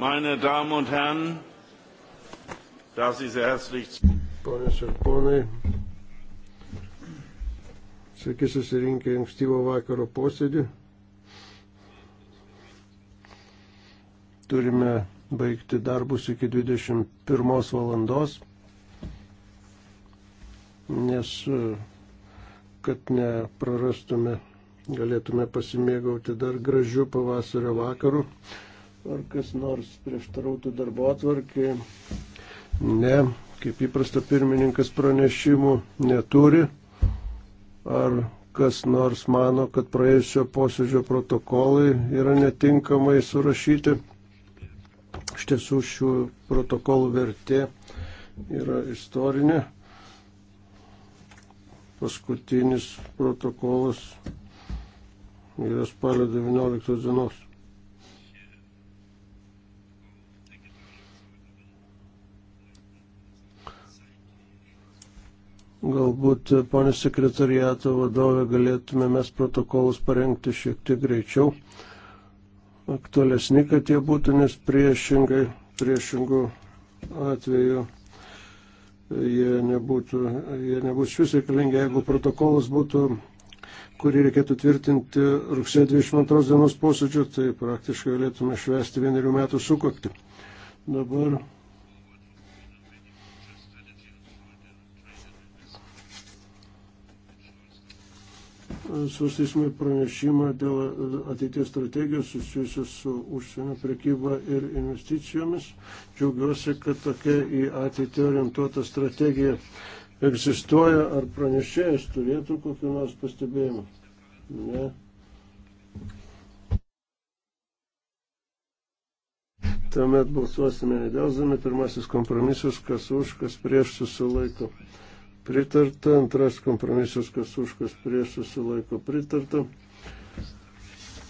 Meine Damen und Herren, darf ich Sie herzlich. Ponios ir ponai, sveiki susirinkę ankstyvo vakaro posėdį. Turime baigti darbus iki 21 valandos, nes kad neprarastume, galėtume pasimėgauti dar gražių pavasario vakarų. Ar kas nors prieštarautų darbo atvarkiai? Ne, kaip įprasta pirmininkas pranešimų neturi. Ar kas nors mano, kad praėjusio posėdžio protokolai yra netinkamai surašyti? Iš tiesų šių protokolų vertė yra istorinė. Paskutinis protokolas yra spalio 19 dienos. Galbūt, e, ponė sekretariato vadovė, galėtume mes protokolus parengti šiek tiek greičiau, aktualesni, kad jie būtų, nes priešingai, priešingų atveju jie nebūtų, jie nebūtų švis reikalingi, jeigu protokolas būtų, kurį reikėtų tvirtinti rugsėjo 22 dienos posėdžio, tai praktiškai galėtume švesti vienerių metų sukakti. Dabar svarstysime pranešimą dėl ateities strategijos susijusios su užsienio prekyba ir investicijomis. Džiaugiuosi, kad tokia į ateitį orientuota strategija egzistuoja. Ar pranešėjas turėtų kokiu nors pastebėjimu? Ne. Tuomet balsuosime nedėlzami pirmasis kompromisas, kas už, kas prieš susilaiko pritarta, antras kompromisas, kas už, kas prieš susilaiko pritarta.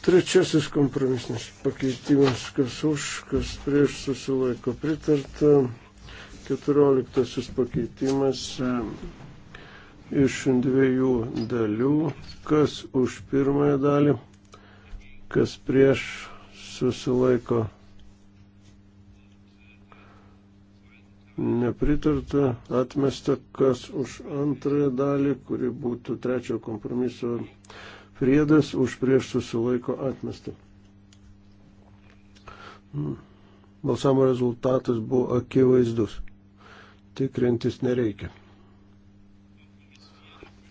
Trečiasis kompromisinis pakeitimas, kas už, kas prieš susilaiko pritarta. Keturioliktasis pakeitimas e, iš dviejų dalių, kas už pirmąją dalį, kas prieš susilaiko pritarta nepritarta, atmesta, kas už antrąją dalį, kuri būtų trečio kompromiso priedas, už prieš susilaiko atmesta. Hmm. Balsamo rezultatas buvo akivaizdus. Tikrintis nereikia.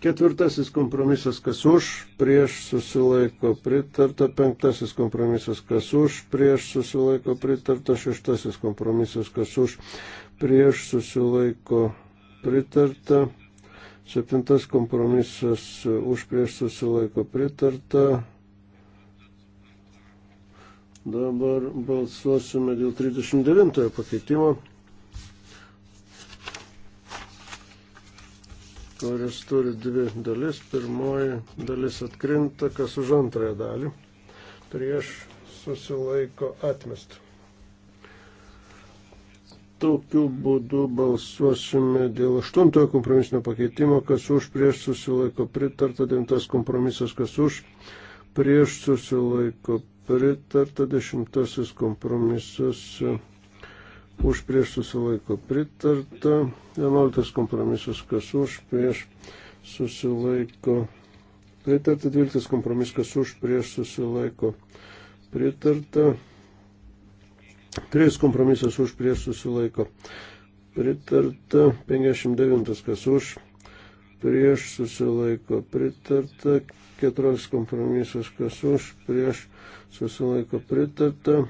Ketvirtasis kompromisas, kas už, prieš susilaiko pritarta. Penktasis kompromisas, kas už, prieš susilaiko pritarta. Šeštasis kompromisas, kas už, prieš susilaiko pritarta. Septintas kompromisas, už, prieš susilaiko pritarta. Dabar balsuosime dėl 39 pakeitimo. kuris turi dvi dalis. Pirmoji dalis atkrinta, kas už antrąją dalį. Prieš susilaiko atmestą. Tokiu būdu balsuosime dėl aštuntojo kompromisinio pakeitimo, kas už prieš susilaiko pritarta, devintas kompromisas, kas už prieš susilaiko pritarta, dešimtasis kompromisas už prieš susilaiko pritarta, 11 kompromisas kas už prieš susilaiko pritarta, 12 kompromisas kas už prieš susilaiko pritarta, 3 kompromisas už prieš susilaiko pritarta, 59 kas už prieš susilaiko pritarta, 14 kompromisas kas už prieš susilaiko pritarta.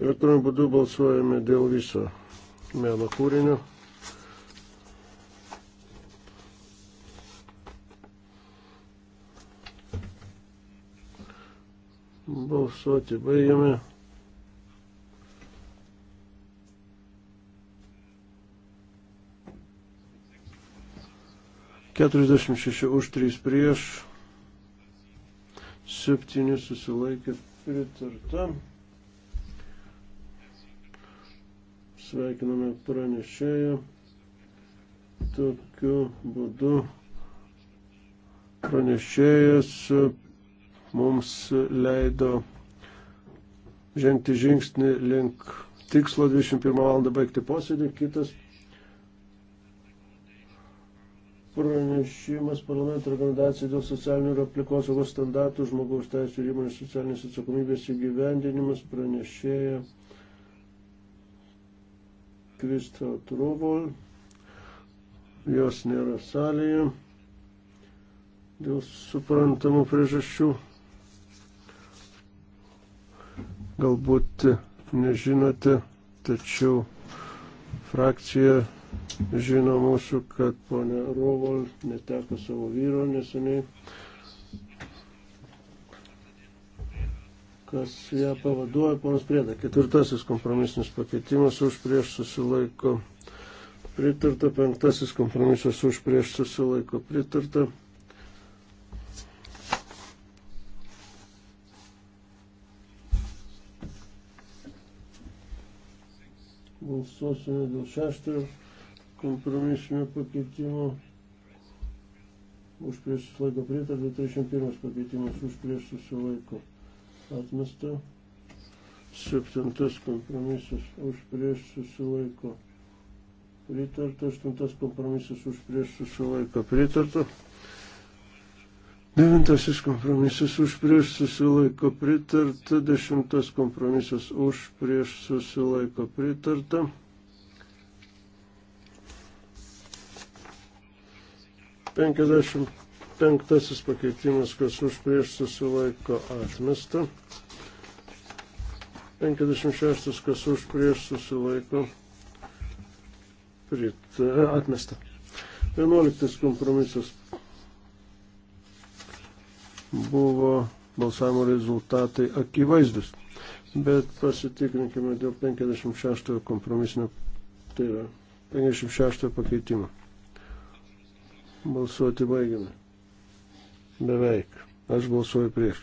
Elektroniniu būdu balsuojame dėl viso meno kūrinio. Balsuoti baigiame. Keturiasdešimt šeši už trys prieš, septyni susilaikė pritarta. Sveikiname pranešėją. Tokiu būdu pranešėjas mums leido žengti žingsnį link tikslo 21 val. baigti posėdį. Kitas pranešimas parlamento rekomendacijų dėl socialinių ir aplinkosaugos standartų žmogaus teisų ir įmonės socialinės atsakomybės įgyvendinimas pranešėja. Kristo Trubol, jos nėra salėje dėl suprantamų priežasčių. Galbūt nežinote, tačiau frakcija žino mūsų, kad ponia Rovol neteko savo vyro neseniai. kas ją pavaduoja, ponas Prieda. Ketvirtasis kompromisinis pakeitimas už prieš susilaiko pritarta. Penktasis kompromisas už prieš susilaiko pritarta. Balsuosime dėl šeštojo kompromisinio pakeitimo už prieš susilaiko pritarta. 31 pakeitimas už prieš susilaiko pritarta atmesta. Septintas kompromisas už prieš susilaiko. Pritarta. Aštuntas kompromisas už prieš susilaiko. Pritarta. Devintasis kompromisas už prieš susilaiko pritarta. Dešimtas kompromisas už prieš susilaiko pritarta. Penkiasdešimt Penktasis pakeitimas, kas už prieš susilaiko atmesta. 56, kas už prieš susilaiko prit, e, atmesta. 11 kompromisas buvo balsavimo rezultatai akivaizdus, bet pasitikrinkime dėl 56 kompromisinio, tai yra 56 pakeitimo. Balsuoti baigiame. Beveik. Aš balsuoju prieš.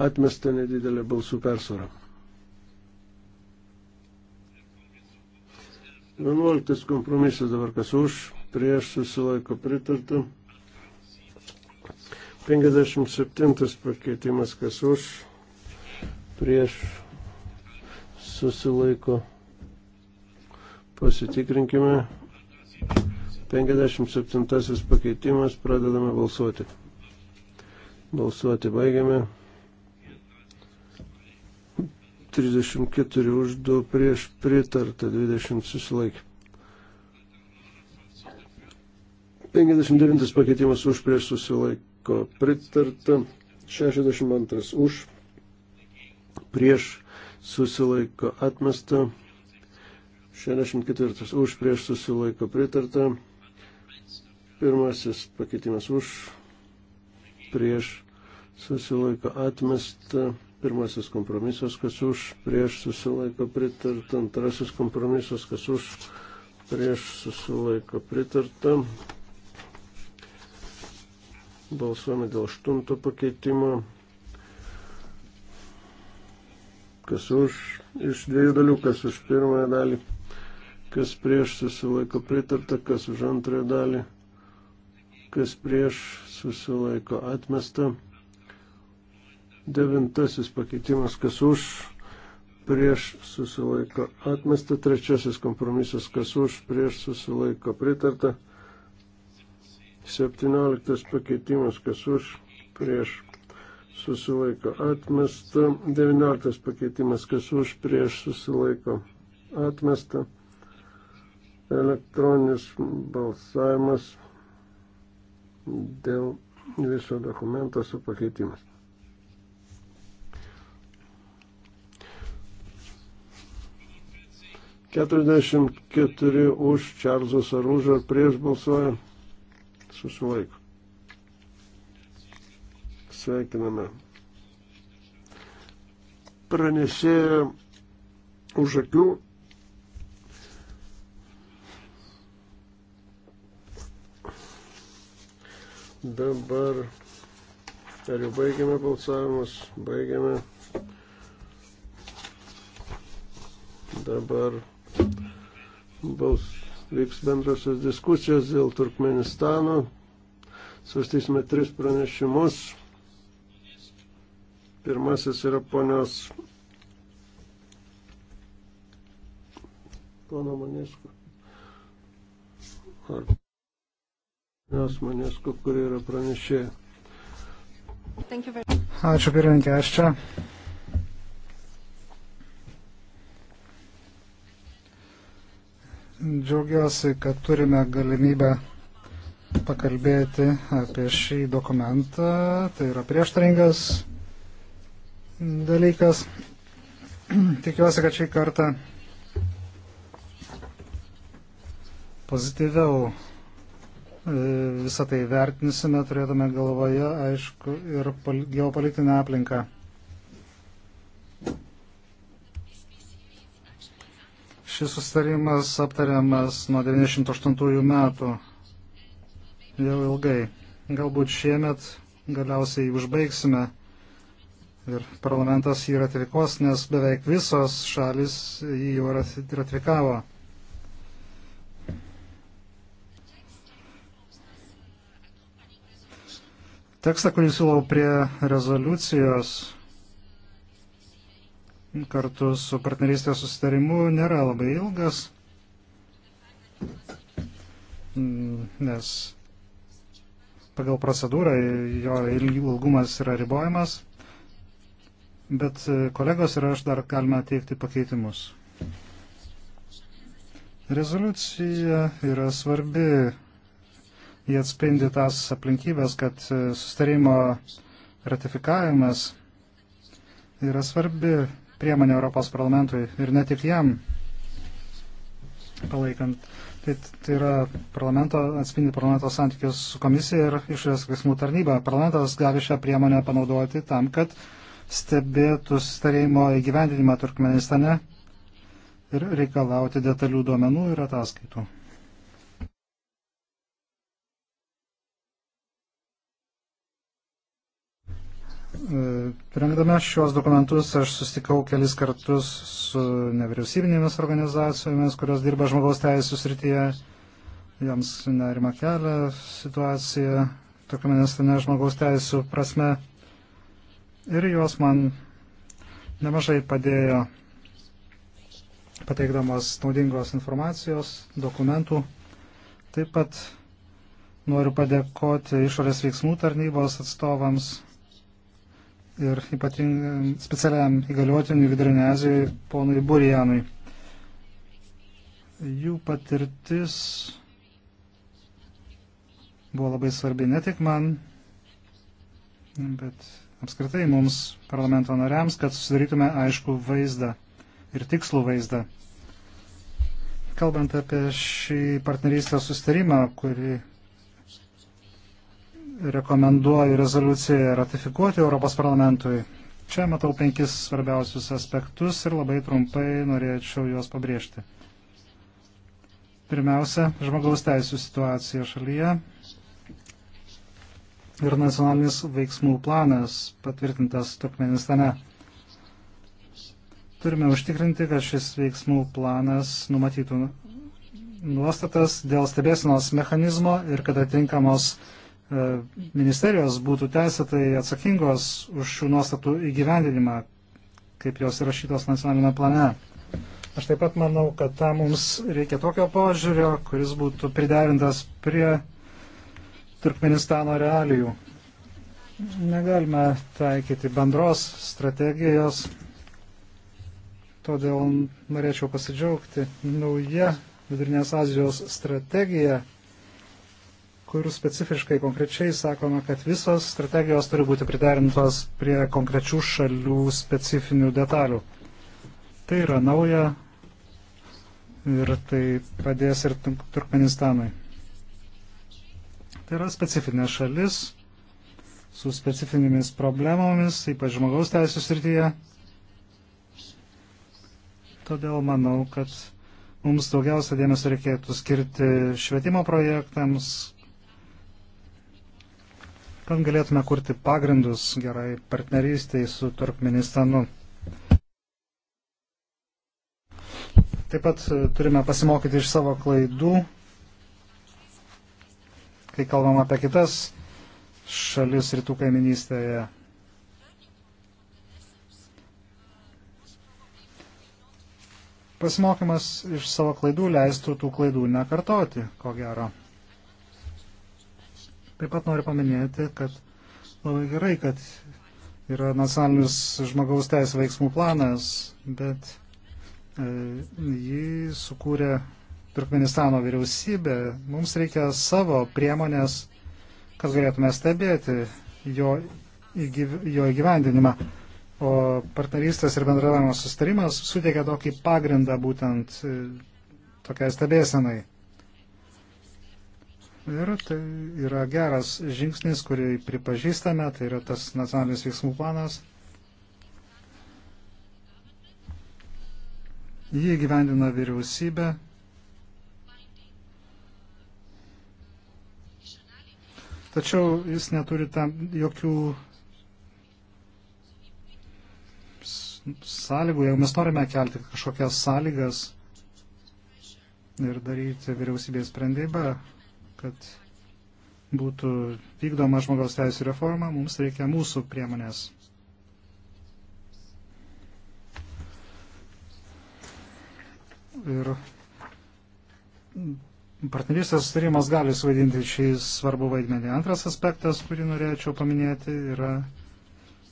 Atmesta nedidelė balsų persvara. 11 kompromisas dabar kas už, prieš susilaiko pritartą. 57 pakeitimas, kas už, prieš, susilaiko. Pasitikrinkime. 57 pakeitimas, pradedame balsuoti. Balsuoti baigiame. 34 už 2 prieš pritarta, 20 susilaikė. 59 pakeitimas už prieš susilaikė susilaiko pritarta. 62 už, prieš susilaiko atmesta. 64 už, prieš susilaiko pritarta. Pirmasis pakeitimas už, prieš susilaiko atmesta. Pirmasis kompromisas, kas už, prieš susilaiko pritarta. Antrasis kompromisas, kas už, prieš susilaiko pritarta. Balsuojame dėl aštunto pakeitimo. Kas už iš dviejų dalių, kas už pirmąją dalį, kas prieš susilaiko pritarta, kas už antrąją dalį, kas prieš susilaiko atmesta. Devintasis pakeitimas, kas už prieš susilaiko atmesta. Trečiasis kompromisas, kas už prieš susilaiko pritarta. 17 pakeitimas, kas už, prieš, susilaiko atmesta. 19 pakeitimas, kas už, prieš, susilaiko atmesta. Elektroninis balsavimas dėl viso dokumento su pakeitimas. Keturiasdešimt keturi už Čarlzas Arūžą prieš balsuoja susilaiko. Sveikiname. Pranešėja už akių. Dabar ar jau baigiame balsavimus? Baigiame. Dabar balsavimus vyks bendrosios diskusijos dėl Turkmenistano. Svastysime tris pranešimus. Pirmasis yra ponios pono Manesko. Ar ponios Manesko, kuri yra pranešėja. Ačiū pirmininkė, aš čia. Džiaugiuosi, kad turime galimybę pakalbėti apie šį dokumentą. Tai yra prieštaringas dalykas. Tikiuosi, kad šį kartą pozityviau e, visą tai vertinsime, turėtume galvoje, aišku, ir geopolitinę aplinką. Šis sustarimas aptariamas nuo 98 metų jau ilgai. Galbūt šiemet galiausiai jį užbaigsime ir parlamentas jį ratifikos, nes beveik visos šalis jį jau ratifikavo. Tekstą, kurį siūlau prie rezoliucijos, kartu su partnerystės susitarimu nėra labai ilgas, mm, nes pagal procedūrą jo ilgumas yra ribojamas, bet e, kolegos ir aš dar galime teikti pakeitimus. Rezoliucija yra svarbi, jie atspindi tas aplinkybės, kad e, sustarimo ratifikavimas yra svarbi priemonė Europos parlamentui ir ne tik jam palaikant. Tai, tai yra parlamento, atspindi parlamento santykius su komisija ir išorės veiksmų tarnyba. Parlamentas gali šią priemonę panaudoti tam, kad stebėtų starėjimo įgyvendinimą Turkmenistane ir reikalauti detalių duomenų ir ataskaitų. E, Rengdame šios dokumentus aš sustikau kelis kartus su nevyriausybinėmis organizacijomis, kurios dirba žmogaus teisų srityje. Jiems nerima kelia situacija Turkmenistane žmogaus teisų prasme. Ir jos man nemažai padėjo pateikdamas naudingos informacijos, dokumentų. Taip pat noriu padėkoti išorės veiksmų tarnybos atstovams ir ypatingam specialiam įgaliotiniui Vidurinė Azijoje, ponui Burijanui. Jų patirtis buvo labai svarbi ne tik man, bet apskritai mums, parlamento nariams, kad susidarytume aišku vaizdą ir tikslų vaizdą. Kalbant apie šį partnerystės sustarimą, kurį rekomenduoju rezoliuciją ratifikuoti Europos parlamentui. Čia matau penkis svarbiausius aspektus ir labai trumpai norėčiau juos pabrėžti. Pirmiausia, žmogaus teisų situacija šalyje ir nacionalinis veiksmų planas patvirtintas Turkmenistane. Turime užtikrinti, kad šis veiksmų planas numatytų nuostatas dėl stebėsinos mechanizmo ir kad atitinkamos E, ministerijos būtų teisėtai atsakingos už šių nuostatų įgyvendinimą, kaip jos įrašytos nacionalinėme plane. Aš taip pat manau, kad tam mums reikia tokio požiūrio, kuris būtų priderintas prie Turkmenistano realijų. Negalime taikyti bendros strategijos, todėl norėčiau pasidžiaugti nauja Vidurinės Azijos strategija kur specifiškai konkrečiai sakoma, kad visos strategijos turi būti pridarintos prie konkrečių šalių specifinių detalių. Tai yra nauja ir tai padės ir Turkmenistanui. Tai yra specifinė šalis su specifinėmis problemomis, ypač žmogaus teisų srityje. Todėl manau, kad mums daugiausia dėmesio reikėtų skirti švietimo projektams, kad galėtume kurti pagrindus gerai partnerystiai su Turkmenistanu. Taip pat e, turime pasimokyti iš savo klaidų, kai kalbam apie kitas šalis rytų kaiminystėje. Pasimokymas iš savo klaidų leistų tų klaidų nekartoti, ko gero. Taip pat noriu paminėti, kad labai gerai, kad yra nacionalinis žmogaus teisų veiksmų planas, bet e, jį sukūrė Turkmenistano vyriausybė. Mums reikia savo priemonės, kad galėtume stebėti jo, įgyv, jo įgyvendinimą. O partnerystės ir bendravimo sustarimas suteikia tokį pagrindą būtent e, tokiai stebėsenai. Ir tai yra geras žingsnis, kurį pripažįstame, tai yra tas nacionalinis veiksmų planas. Jį gyvendina vyriausybė. Tačiau jis neturi tam jokių sąlygų, jeigu mes norime kelti kažkokias sąlygas ir daryti vyriausybės sprendimą, kad būtų vykdoma žmogaus teisų reforma, mums reikia mūsų priemonės. Ir partnerystės sutarimas gali suvaidinti šį svarbų vaidmenį. Antras aspektas, kurį norėčiau paminėti, yra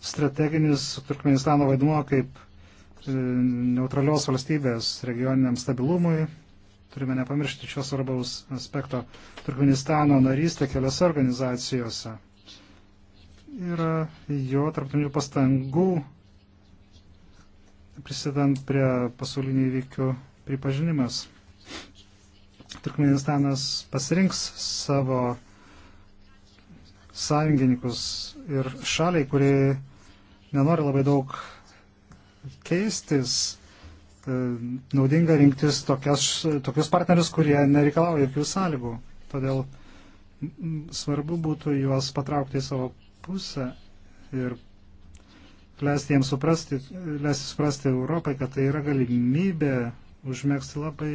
strateginis Turkmenistano vaidmuo kaip e, neutralios valstybės regioniniam stabilumui Turime nepamiršti šios svarbaus aspekto. Turkmenistano narystė keliose organizacijose yra jo tarptautinių pastangų prisidant prie pasaulinių įvykių pripažinimas. Turkmenistanas pasirinks savo sąjungininkus ir šaliai, kurie nenori labai daug keistis, E, naudinga rinktis tokias, tokius partnerius, kurie nereikalauja jokių sąlygų. Todėl svarbu būtų juos patraukti į savo pusę ir leisti jiems suprasti, leisti suprasti Europai, kad tai yra galimybė užmėgsti labai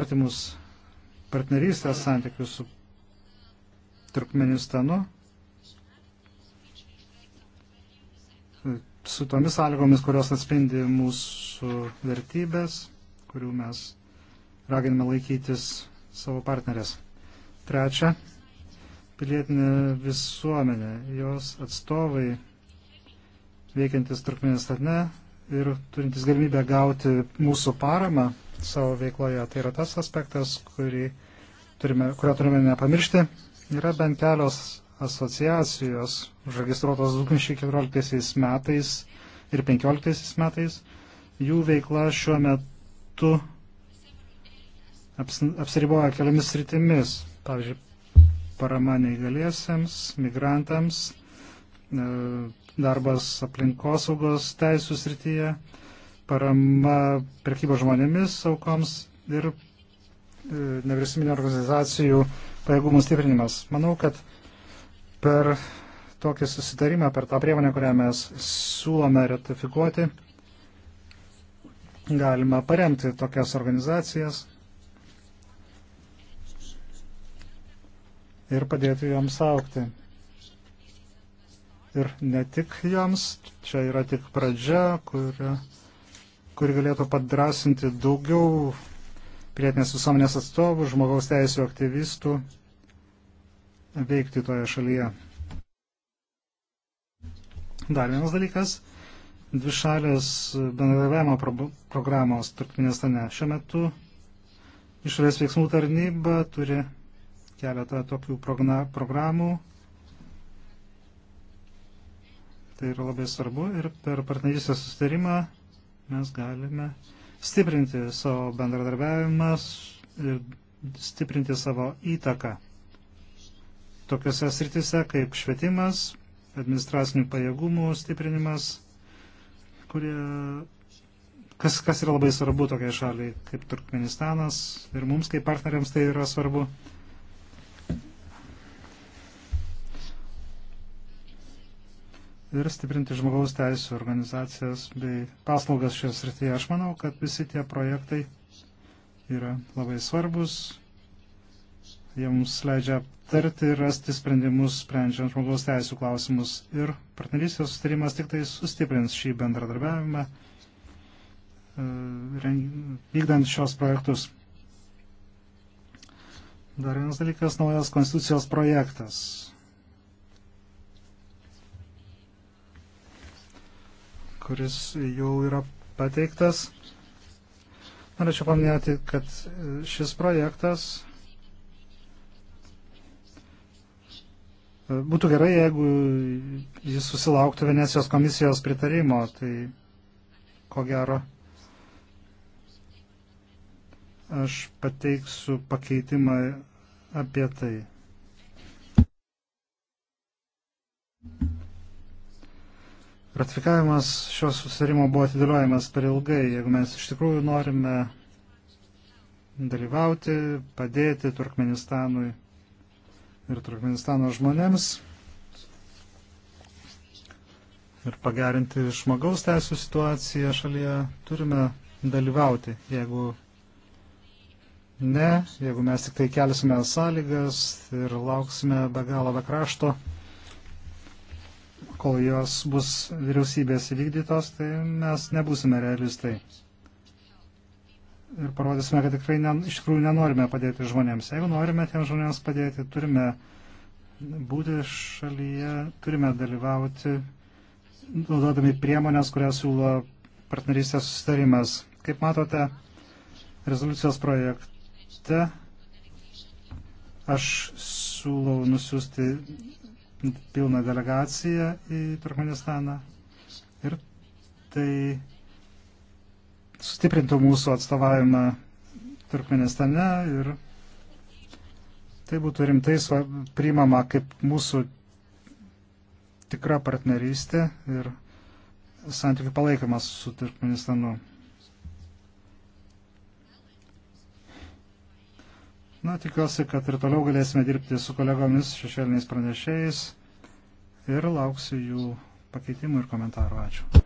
artimus partnerystės santykius su Turkmenistanu. su tomis sąlygomis, kurios atspindi mūsų vertybės, kurių mes raginame laikytis savo partnerės. Trečia, pilietinė visuomenė, jos atstovai veikiantis Turkmenistane ir turintis galimybę gauti mūsų paramą savo veikloje. Tai yra tas aspektas, kurį turime, kurio turime nepamiršti. Yra bent kelios asociacijos, užregistruotos 2014 metais ir 2015 metais. Jų veikla šiuo metu aps, apsiriboja keliomis rytimis. Pavyzdžiui, parama neįgaliesiems, migrantams, e, darbas aplinkosaugos teisų srityje, parama prekybo žmonėmis aukoms ir e, nevyriausybinio organizacijų pajėgumų stiprinimas. Manau, kad Per tokį susitarimą, per tą priemonę, kurią mes siūlome ratifikuoti, galima paremti tokias organizacijas ir padėti joms aukti. Ir ne tik joms, čia yra tik pradžia, kuri, kuri galėtų padrasinti daugiau pilietinės visuomenės atstovų, žmogaus teisų aktyvistų veikti toje šalyje. Dar vienas dalykas - dvišalės bendradarbiavimo pro programos Turkmenistane. Šiuo metu išorės veiksmų tarnyba turi keletą tokių programų. Tai yra labai svarbu ir per partnerystės sustarimą mes galime stiprinti savo bendradarbiavimą ir stiprinti savo įtaką tokiuose sritise kaip švietimas, administracinių pajėgumų stiprinimas, kurie, kas, kas yra labai svarbu tokiai šaliai kaip Turkmenistanas ir mums kaip partneriams tai yra svarbu. ir stiprinti žmogaus teisų organizacijas bei paslaugas šioje srityje. Aš manau, kad visi tie projektai yra labai svarbus jiems leidžia aptarti ir rasti sprendimus, sprendžiant žmogaus teisų klausimus. Ir partnerystės sustarimas tik tai sustiprins šį bendradarbiavimą, e, vykdant šios projektus. Dar vienas dalykas - naujas konstitucijos projektas. kuris jau yra pateiktas. Norėčiau paminėti, kad e, šis projektas Būtų gerai, jeigu jis susilauktų Venecijos komisijos pritarimo, tai ko gero aš pateiksiu pakeitimą apie tai. Ratifikavimas šios susitarimo buvo atidėliojamas per ilgai. Jeigu mes iš tikrųjų norime dalyvauti, padėti Turkmenistanui ir Turkmenistano žmonėms ir pagerinti žmogaus teisų situaciją šalyje, turime dalyvauti. Jeigu ne, jeigu mes tik tai kelsime sąlygas ir lauksime be galo be krašto, kol jos bus vyriausybės įvykdytos, tai mes nebūsime realistai ir parodysime, kad tikrai ne, iš tikrųjų nenorime padėti žmonėms. Jeigu norime tiems žmonėms padėti, turime būti šalyje, turime dalyvauti, naudodami priemonės, kurias siūlo partnerystės sustarimas. Kaip matote, rezoliucijos projekte aš siūlau nusiųsti pilną delegaciją į Turkmenistaną ir tai stiprintų mūsų atstovavimą Turkmenistane ir tai būtų rimtai priimama kaip mūsų tikra partnerystė ir santykių palaikymas su Turkmenistanu. Na, tikiuosi, kad ir toliau galėsime dirbti su kolegomis šešėliniais pranešėjais ir lauksiu jų pakeitimų ir komentarų. Ačiū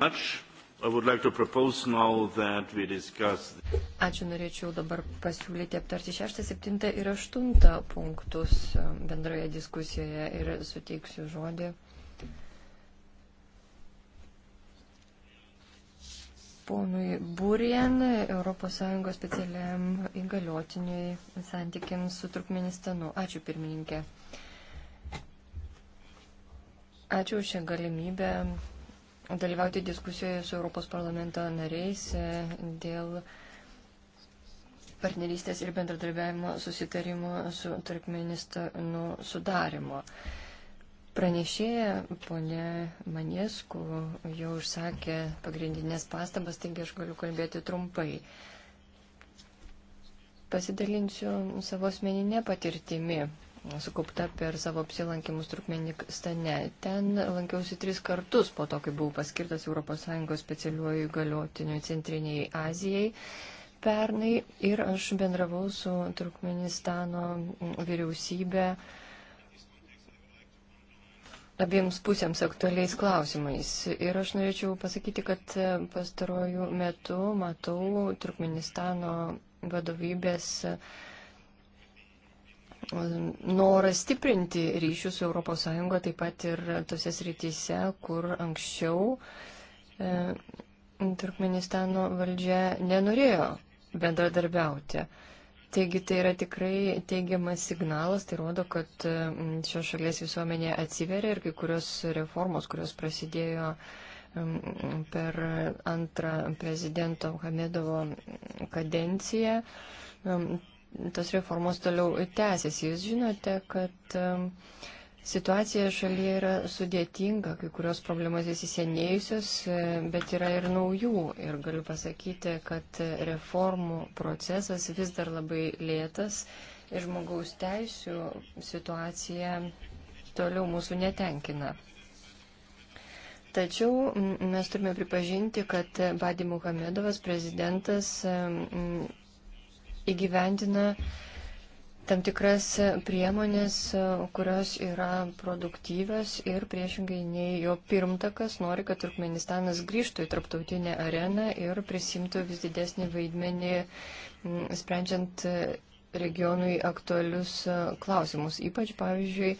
much. I would like to propose now that we discuss. Ačiū norėčiau dabar pasiūlyti aptarti 6, 7 ir 8 punktus um, bendroje diskusijoje ir suteiksiu žodį. Ponui Burien, ES specialiam įgaliotiniui santykiams su Turkmenistanu. Ačiū pirmininkė. Ačiū šią galimybę dalyvauti diskusijoje su Europos parlamento nariais e, dėl partnerystės ir bendradarbiavimo susitarimo su Turkmenistanu sudarimo. Pranešėja ponė Maniesku jau užsakė pagrindinės pastabas, taigi aš galiu kalbėti trumpai. Pasidalinsiu savo asmeninę patirtimį sukaupta per savo apsilankimus Turkmenistane. Ten lankiausi tris kartus po to, kai buvau paskirtas ES specialiuoju galiotiniu Centriniai Azijai pernai ir aš bendravau su Turkmenistano vyriausybė abiems pusėms aktualiais klausimais. Ir aš norėčiau pasakyti, kad pastarojų metų matau Turkmenistano vadovybės uh, noras stiprinti ryšius su ES taip pat ir tose srityse, kur anksčiau e, Turkmenistano valdžia nenorėjo bendradarbiauti. Taigi tai yra tikrai teigiamas signalas, tai rodo, kad šios šalies visuomenė atsiveria ir kai kurios reformos, kurios prasidėjo per antrą prezidento Hamedovo kadenciją, tos reformos toliau tęsiasi. Jūs žinote, kad um, situacija šalyje yra sudėtinga, kai kurios problemos įsisenėjusios, e, bet yra ir naujų. Ir galiu pasakyti, kad reformų procesas vis dar labai lėtas ir žmogaus teisų situacija toliau mūsų netenkina. Tačiau mes turime pripažinti, kad Badi Muhamedovas, prezidentas, įgyvendina tam tikras priemonės, kurios yra produktyvios ir priešingai nei jo pirmtakas nori, kad Turkmenistanas grįžtų į tarptautinę areną ir prisimtų vis didesnį vaidmenį, sprendžiant regionui aktualius klausimus, ypač, pavyzdžiui, e,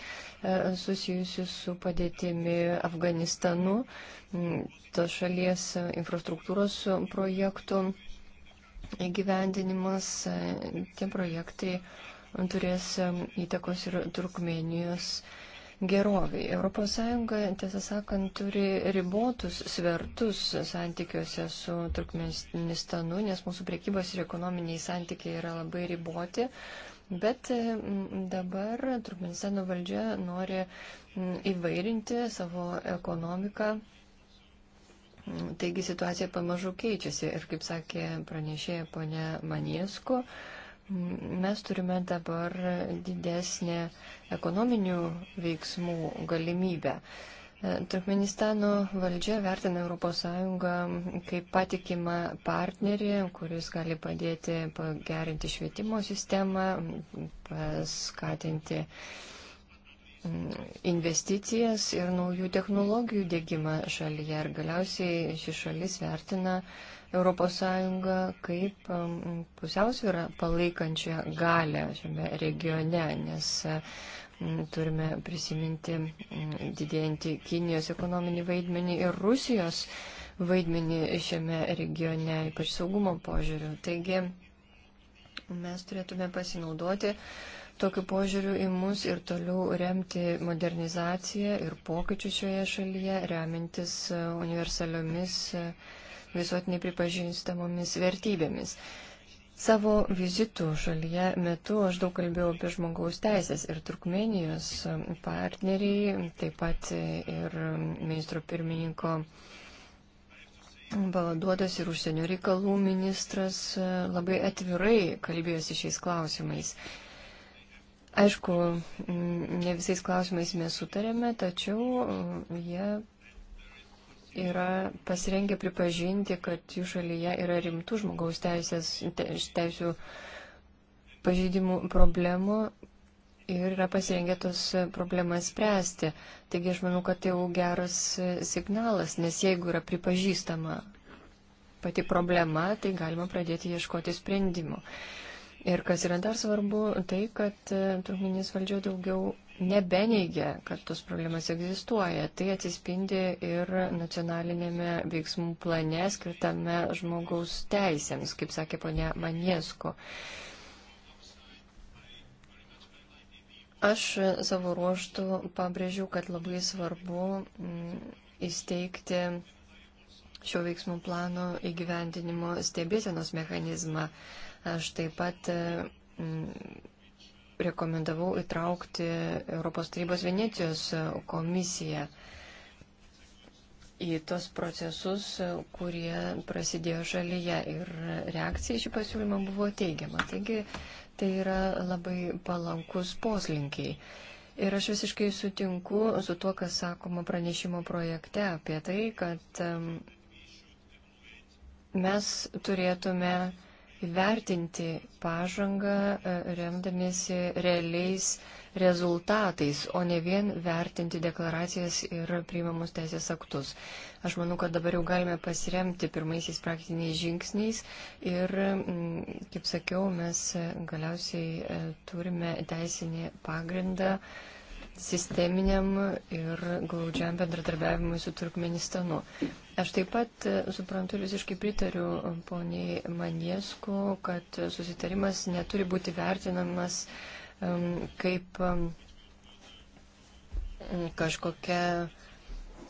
susijusius su padėtimi Afganistanu, tos šalies infrastruktūros projektų įgyvendinimas, e, tie projektai turės e, įtakos ir Turkmenijos geroviai. ES, tiesą sakant, turi ribotus svertus santykiuose su Turkmenistanu, nes mūsų priekybos ir ekonominiai santykiai yra labai riboti. Bet e, dabar Turkmenistano valdžia nori įvairinti savo ekonomiką Taigi situacija pamažu keičiasi ir, kaip sakė pranešėja ponia Maniesko, mes turime dabar didesnę ekonominių veiksmų galimybę. Turkmenistano valdžia vertina ES kaip patikimą partnerį, kuris gali padėti pagerinti švietimo sistemą, paskatinti uh, investicijas ir naujų technologijų dėgymą šalyje. Ir galiausiai ši šalis vertina ES kaip um, pusiausvyrą palaikančią galę šiame regione, nes um, turime prisiminti um, didėjantį Kinijos ekonominį vaidmenį ir Rusijos vaidmenį šiame regione, ypač saugumo požiūriu. Taigi mes turėtume pasinaudoti uh, tokiu požiūriu į mus ir toliau remti modernizaciją ir pokyčius šioje šalyje, remintis e, universaliomis e, visuotinai pripažįstamomis vertybėmis. Savo vizitų šalyje metu aš daug kalbėjau apie žmogaus teisės ir Turkmenijos e, partneriai, taip pat ir ministro pirmininko pavaduotas ir užsienio reikalų ministras labai atvirai kalbėjosi šiais klausimais. Aišku, ne visais klausimais mes sutarėme, tačiau e, jie yra pasirengę pripažinti, kad jų šalyje yra rimtų žmogaus teisės, teisų pažydimų problemų ir yra pasirengę tos problemas spręsti. Taigi aš manau, kad tai jau geras signalas, nes jeigu yra pripažįstama pati problema, tai galima pradėti ieškoti sprendimų. Ir kas yra dar svarbu, tai, kad e, trukminis valdžia daugiau nebeneigia, kad tos problemas egzistuoja. Tai atsispindi ir nacionalinėme veiksmų plane skirtame žmogaus teisėms, kaip sakė ponia Maniesko. Aš savo ruoštų pabrėžiu, kad labai svarbu mm, įsteigti šio veiksmų plano įgyvendinimo stebėsenos mechanizmą. Uh, Aš taip pat e, rekomendavau įtraukti Europos tarybos Venecijos e, komisiją į tos procesus, e, kurie prasidėjo šalyje. Ir reakcija šį pasiūlymą buvo teigiama. Taigi tai yra labai palankus poslinkiai. Ir aš visiškai sutinku su tuo, kas sakoma pranešimo projekte apie tai, kad mes turėtume vertinti pažangą e, remdamiesi realiais rezultatais, o ne vien vertinti deklaracijas ir priimamus teisės aktus. Aš manau, kad dabar jau galime pasiremti pirmaisiais praktiniais žingsniais ir, mm, kaip sakiau, mes galiausiai e, turime teisinį pagrindą. Mhm sisteminiam ir glaudžiam bendradarbiavimui su Turkmenistanu. Aš taip pat e, suprantu ir visiškai pritariu e, poniai Maniesku, kad susitarimas neturi būti vertinamas um, kaip um, kažkokia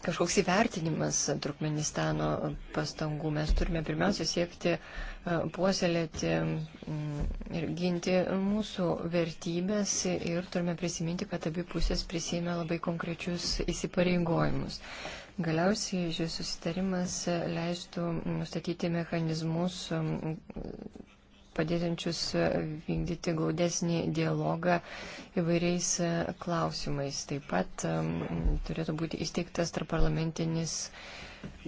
kažkoks įvertinimas Turkmenistano pastangų. Mes turime pirmiausia siekti puoselėti mm, ir ginti mūsų vertybės ir turime prisiminti, kad abi pusės prisėmė labai konkrečius įsipareigojimus. Galiausiai šis susitarimas leistų nustatyti mechanizmus mm, padėdančius vykdyti glaudesnį dialogą įvairiais klausimais. Taip pat mm, turėtų būti įsteigtas tarparlamentinis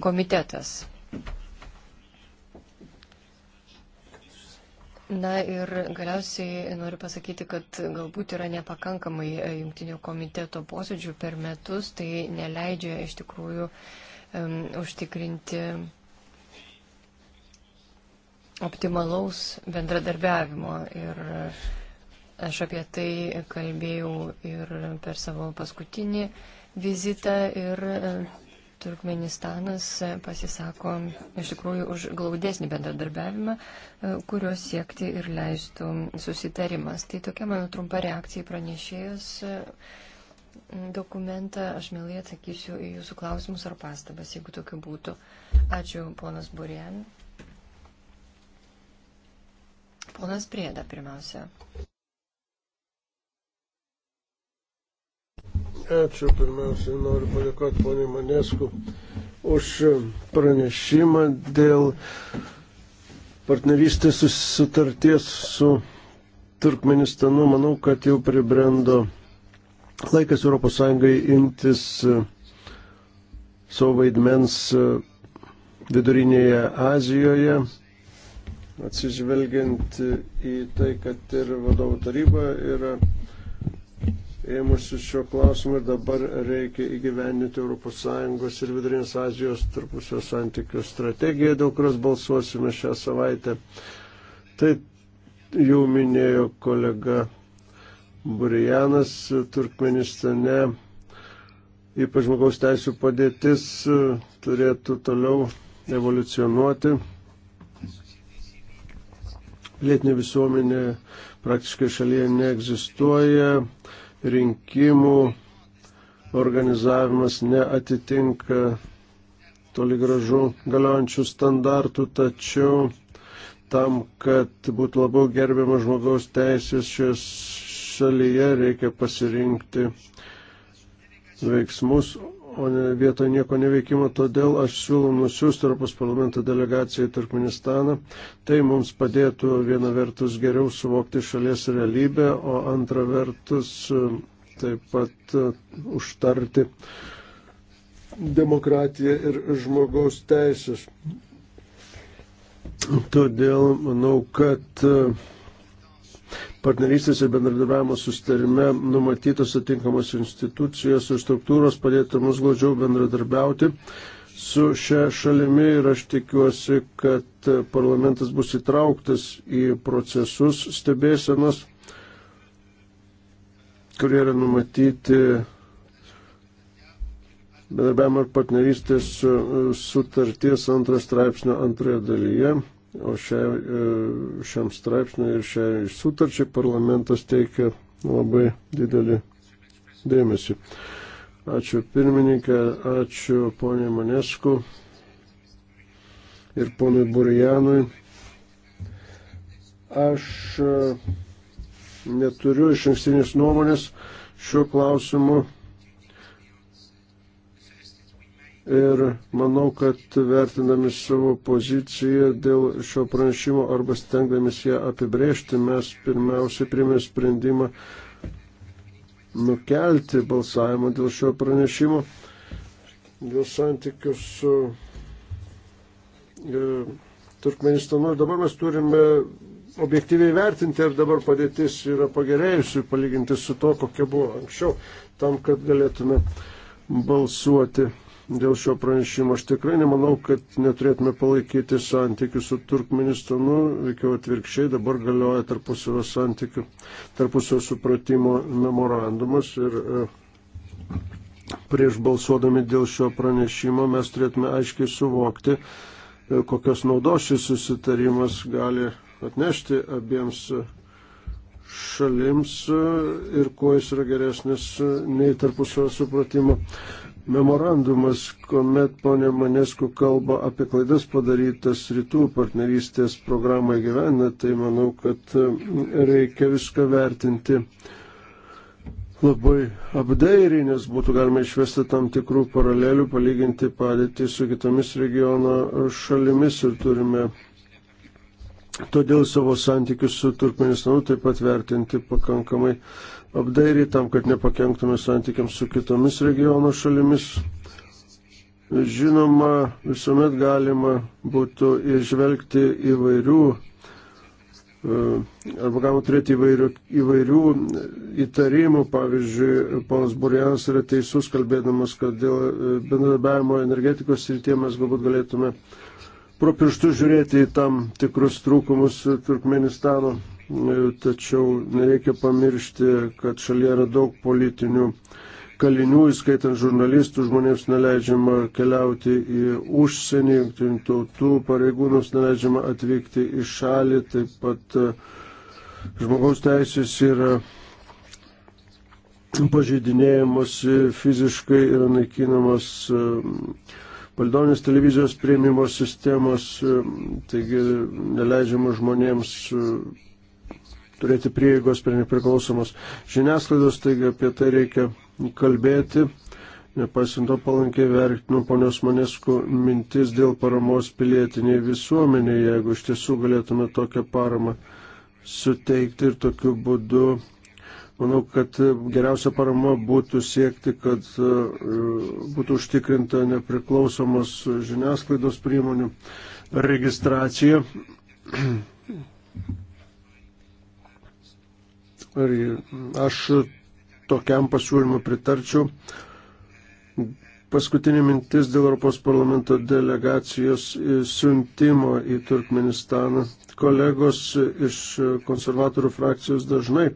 komitetas. Na ir galiausiai noriu pasakyti, kad galbūt yra nepakankamai e, jungtinio komiteto posėdžių per metus, tai neleidžia iš tikrųjų um, užtikrinti optimalaus bendradarbiavimo. Ir aš apie tai kalbėjau ir per savo paskutinį vizitą ir Turkmenistanas e, pasisako iš tikrųjų už glaudesnį bendradarbiavimą, e, kurio siekti ir leistų susitarimas. Tai tokia mano trumpa reakcija į pranešėjus e, dokumentą. Aš mielai atsakysiu į jūsų klausimus ar pastabas, jeigu tokių būtų. Ačiū, ponas Burien. Ponas Prieda pirmiausia. Ačiū. Pirmiausiai noriu padėkoti poniai Manesku už pranešimą dėl partnerystės sutarties su Turkmenistanu. Manau, kad jau pribrendo laikas ES imtis savo vaidmens vidurinėje Azijoje atsižvelgiant į tai, kad ir vadovų taryba yra ėmusi šio klausimo ir dabar reikia įgyveninti ES ir Vidurinės Azijos tarpusio santykių strategiją, dėl kurios balsuosime šią savaitę. Tai jau minėjo kolega Burijanas Turkmenistane. Ypač žmogaus teisų padėtis turėtų toliau evoliucionuoti. Lietinė visuomenė praktiškai šalyje neegzistuoja rinkimų organizavimas neatitinka toli gražu galiojančių standartų, tačiau tam, kad būtų labiau gerbiamas žmogaus teisės šios šalyje, reikia pasirinkti veiksmus, o ne vietoj nieko neveikimo. Todėl aš siūlau nusiųsti Europos parlamento delegaciją į Turkmenistaną. Tai mums padėtų viena vertus geriau suvokti šalies realybę, o antra vertus e, taip pat e, užtarti demokratiją ir žmogaus teisės. Todėl manau, kad uh, partnerystės ir bendradarbiavimo sustarime numatytos atitinkamos institucijos ir struktūros padėtų mums glaudžiau bendradarbiauti su šia šalimi ir aš tikiuosi, kad parlamentas bus įtrauktas į procesus stebėsenos, kurie yra numatyti bendarbiavimo ir partnerystės sutarties antras straipsnio antroje dalyje. O šiai, e, šiam straipsniui ir šiai sutarčiai parlamentas teikia labai didelį dėmesį. Ačiū pirmininkė, ačiū poniai Manesku ir ponui Burijanui. Aš e, neturiu iš ankstinės nuomonės šiuo klausimu. Ir manau, kad vertinami savo poziciją dėl šio pranešimo arba stengdamis ją apibrėžti, mes pirmiausiai primės sprendimą nukelti balsavimą dėl šio pranešimo, dėl santykių su e, Turkmenistanu. Ir dabar mes turime objektyviai vertinti, ar dabar padėtis yra pagerėjusi, palyginti su to, kokia buvo anksčiau, tam, kad galėtume balsuoti dėl šio pranešimo. Aš tikrai nemanau, kad neturėtume palaikyti santykių su Turkmenistanu, veikiau atvirkščiai, dabar galioja tarpusavio santykių, tarpusavio supratimo memorandumas ir e, prieš balsuodami dėl šio pranešimo mes turėtume aiškiai suvokti, e, kokios naudos šis susitarimas gali atnešti abiems e, šalims ir kuo jis yra geresnis nei tarpusavio supratimo memorandumas, kuomet ponė Manesku kalba apie klaidas padarytas rytų partnerystės programą gyvena, tai manau, kad e, reikia viską vertinti labai apdairiai, nes būtų galima išvesti tam tikrų paralelių, palyginti padėtį su kitomis regiono šalimis ir turime todėl savo santykius su Turkmenistanu taip pat vertinti pakankamai apdairiai tam, kad nepakenktume santykiams su kitomis regiono šalimis. Žinoma, visuomet galima būtų išvelgti įvairių e, arba galima turėti įvairių, įvairių įtarimų. Pavyzdžiui, ponas Burjanas yra teisus, kalbėdamas, kad dėl e, bendradarbiavimo energetikos srityje mes galbūt galėtume pro pirštus žiūrėti į tam tikrus trūkumus Turkmenistano tačiau nereikia pamiršti, kad šalyje yra daug politinių kalinių, įskaitant žurnalistų, žmonėms neleidžiama keliauti į užsienį, jungtinių tautų pareigūnams neleidžiama atvykti į šalį, taip pat e, žmogaus teisės yra pažeidinėjamos fiziškai ir naikinamos e, palidonės televizijos prieimimo sistemos, e, taigi neleidžiama žmonėms turėti prieigos prie nepriklausomos žiniasklaidos, taigi apie tai reikia kalbėti. Nepaisant to palankiai vertinu ponios Manesku mintis dėl paramos pilietiniai visuomeniai, jeigu iš tiesų galėtume tokią paramą suteikti ir tokiu būdu. Manau, kad geriausia parama būtų siekti, kad e, būtų užtikrinta nepriklausomos žiniasklaidos priemonių registracija. Ar aš tokiam pasiūlymui pritarčiau. Paskutinė mintis dėl Europos parlamento delegacijos siuntimo į Turkmenistaną. Kolegos iš konservatorių frakcijos dažnai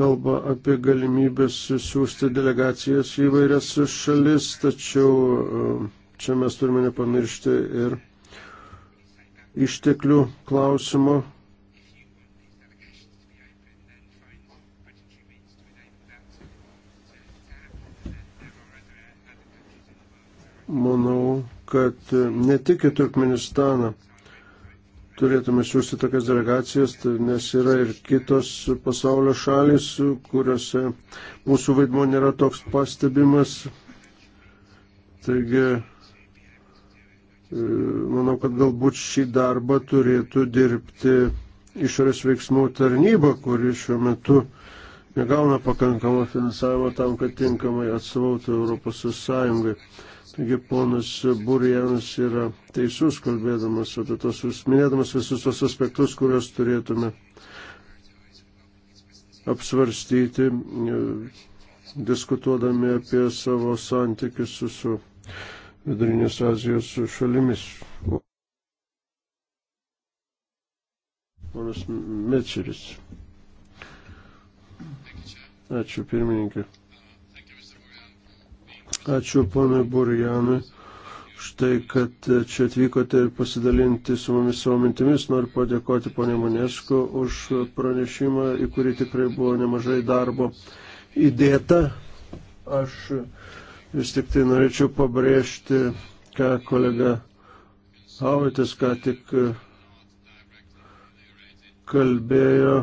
kalba apie galimybės siūsti delegacijas į vairias šalis, tačiau e, čia mes turime nepamiršti ir išteklių klausimo, manau, kad ne tik į Turkmenistaną turėtume siūsti tokias delegacijas, tai nes yra ir kitos pasaulio šalis, kuriuose mūsų vaidmo nėra toks pastebimas. Taigi, e, manau, kad galbūt šį darbą turėtų dirbti išorės veiksmų tarnyba, kuri šiuo metu negauna pakankamą finansavimą tam, kad tinkamai atsivautų Europos Sąjungai. Taigi ponas Burjanas yra teisus, kalbėdamas apie tos, minėdamas visus tos aspektus, kuriuos turėtume apsvarstyti, diskutuodami apie savo santykius su, su Vidurinės Azijos šalimis. Ponas Mečeris. Ačiū pirmininkė. Ačiū ponui Burjanui štai, kad čia atvykote ir pasidalinti su mumis savo mintimis. Noriu padėkoti ponė Manesko už pranešimą, į kurį tikrai buvo nemažai darbo įdėta. Aš vis tik tai norėčiau pabrėžti, ką kolega Havitis ką tik kalbėjo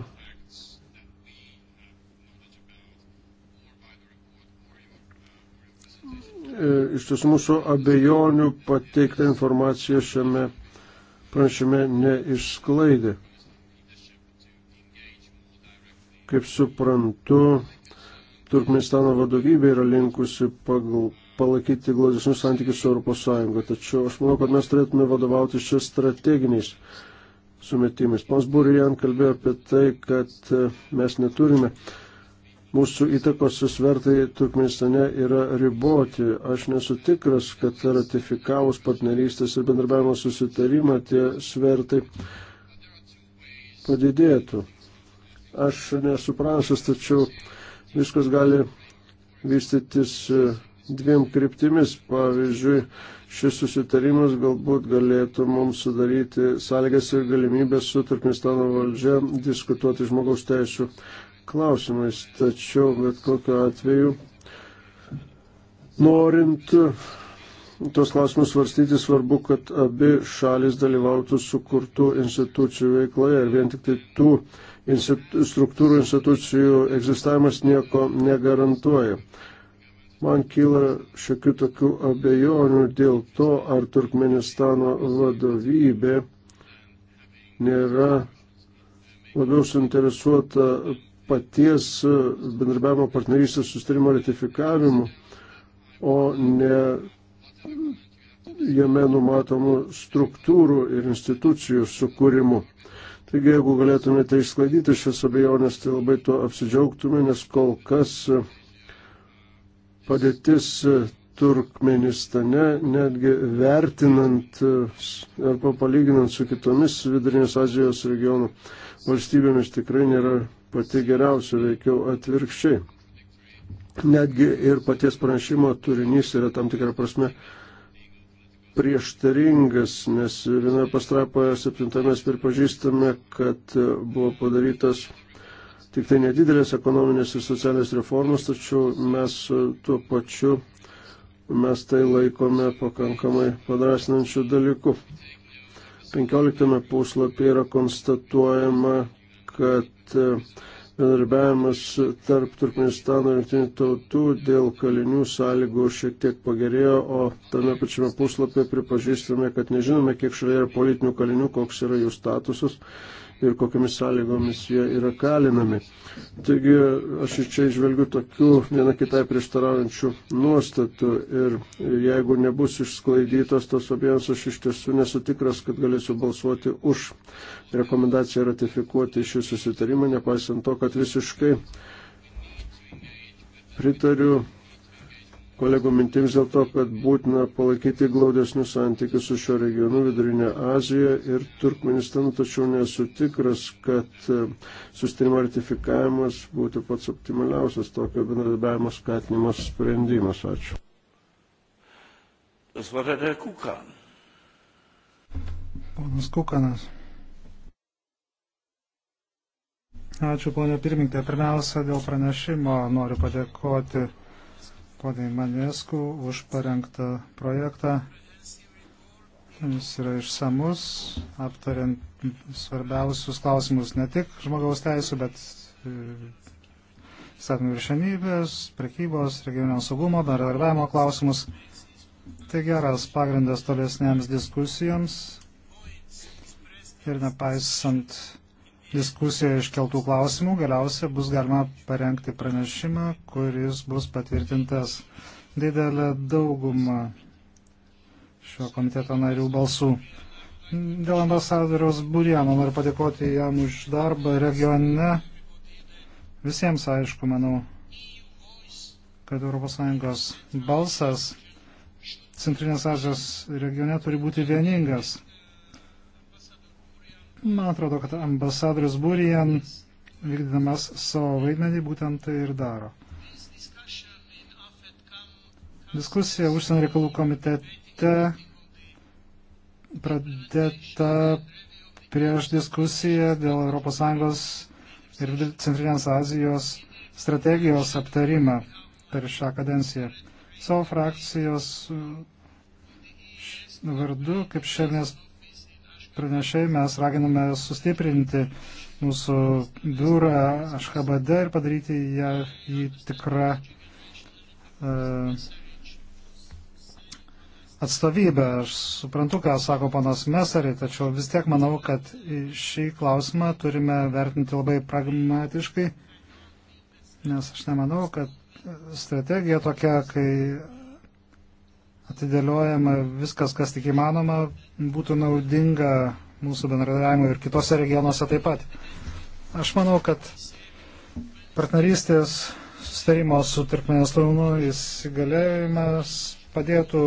E, iš tiesų mūsų abejonių pateikta informacija šiame pranešime neišsklaidė. Kaip suprantu, Turkmenistano vadovybė yra linkusi pagal, palaikyti glaudesnius santykius su ES, tačiau aš manau, kad mes turėtume vadovauti čia strateginiais sumetimais. Pons Burijan kalbėjo apie tai, kad e, mes neturime uh, mūsų įtakos susvertai Turkmenistane yra riboti. Aš nesu tikras, kad ratifikavus partnerystės ir bendrabiavimo susitarimą tie svertai padidėtų. Aš nesu pranašas, tačiau viskas gali vystytis e, dviem kryptimis. Pavyzdžiui, šis susitarimas galbūt galėtų mums sudaryti sąlygas ir galimybės su Turkmenistano valdžia diskutuoti žmogaus teisų klausimais, tačiau bet kokiu atveju, norint tos klausimus svarstyti, svarbu, kad abi šalis dalyvautų sukurtų institucijų veikloje ir vien tik tai tų institu, struktūrų institucijų egzistavimas nieko negarantuoja. Man kyla šiokių tokių abejonių dėl to, ar Turkmenistano vadovybė nėra labiau suinteresuota paties e, bendrabiavimo partnerystės sustarimo ratifikavimu, o ne jame numatomų struktūrų ir institucijų sukūrimu. Taigi, jeigu galėtumėte išsklaidyti šias abejonės, tai labai to apsidžiaugtume, nes kol kas e, padėtis e, Turkmenistane, netgi vertinant arba palyginant su kitomis Vidurinės Azijos regionų valstybėmis, tikrai nėra pati geriausia, veikiau atvirkščiai. Netgi ir paties pranešimo turinys yra tam tikrą prasme prieštaringas, nes vienoje pastrapoje septintame pripažįstame, kad buvo padarytas tik tai nedidelės ekonominės ir socialinės reformos, tačiau mes tuo pačiu mes tai laikome pakankamai padrasinančių dalykų. 15 puslapyje yra konstatuojama, kad e, bendarbiavimas tarp Turkmenistano ir jungtinių tautų dėl kalinių sąlygų šiek tiek pagerėjo, o tame pačiame puslapyje pripažįstame, kad nežinome, kiek šalia yra politinių kalinių, koks yra jų statusas ir kokiamis sąlygomis jie yra kalinami. Taigi aš čia išvelgiu tokių viena kitai prieštaraujančių nuostatų ir jeigu nebus išsklaidytos tos abejonės, aš iš tiesų nesu tikras, kad galėsiu balsuoti už rekomendaciją ratifikuoti šį susitarimą, nepaisant to, kad visiškai pritariu kolegų mintims dėl to, kad būtina palaikyti glaudesnius santykius su šio regionu, Vidurinė Azija ir Turkmenistanu, tačiau nesu tikras, kad e, sustarimo ratifikavimas būtų pats optimaliausias tokio bendradarbiavimo skatinimo sprendimas. Ačiū. Das war der Kukan. Ponas Kukanas. Ačiū, ponė pirmininkė. Pirmiausia, dėl pranešimo noriu padėkoti poniai Manesku už parengtą projektą. Jis yra išsamus, aptariant svarbiausius klausimus ne tik žmogaus teisų, bet e, statymų viršenybės, prekybos, regioninio saugumo, bendradarbiavimo klausimus. Tai geras pagrindas tolesnėms diskusijoms ir nepaisant diskusijoje iškeltų klausimų galiausiai bus galima parengti pranešimą, kuris bus patvirtintas didelę daugumą šio komiteto narių balsų. Dėl ambasadoriaus Burjano noriu padėkoti jam už darbą regione. Visiems aišku, manau, kad ES balsas Centrinės Azijos regione turi būti vieningas. Man atrodo, kad ambasadorius Burijan, vykdydamas savo vaidmenį, būtent tai ir daro. Diskusija užsienio reikalų komitete pradėta prieš diskusiją dėl ES ir Centrinės Azijos strategijos aptarimą per šią kadenciją. Savo frakcijos vardu, kaip šiandienas pranešiai mes raginame sustiprinti mūsų biurą Aškabade ir padaryti ją į tikrą uh, atstovybę. Aš suprantu, ką sako panas Mesari, tačiau vis tiek manau, kad šį klausimą turime vertinti labai pragmatiškai, nes aš nemanau, kad strategija tokia, kai atidėliojama viskas, kas tik įmanoma, būtų naudinga mūsų bendradarbiavimui ir kitose regionuose taip pat. Aš manau, kad partnerystės sustarimo su Turkmenistanu įsigalėjimas padėtų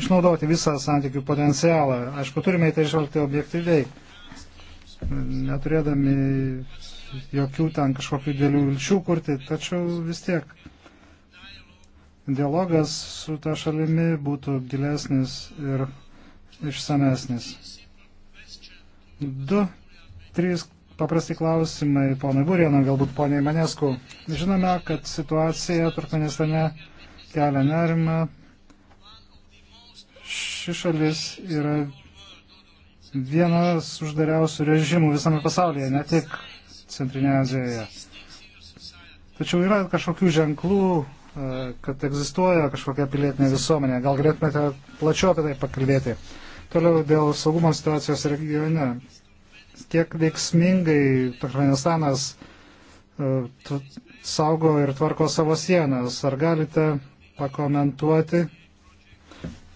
išnaudoti visą santykių potencialą. Aišku, turime į tai žvelgti objektyviai, neturėdami jokių ten kažkokių dėlių vilčių kurti, tačiau vis tiek dialogas su ta šalimi būtų gilesnis ir išsamesnis. Du, trys paprasti klausimai ponui Burėnui, galbūt poniai Manesku. Žinome, kad situacija Turkmenistane kelia nerimą. Ši šalis yra vienas uždariausių režimų visame pasaulyje, ne tik Centrinėje Azijoje. Tačiau yra kažkokių ženklų, kad egzistuoja kažkokia pilietinė visuomenė. Gal galėtumėte plačiau apie tai pakalbėti. Toliau dėl saugumo situacijos regione. Kiek veiksmingai Turkmenistanas e, saugo ir tvarko savo sienas. Ar galite pakomentuoti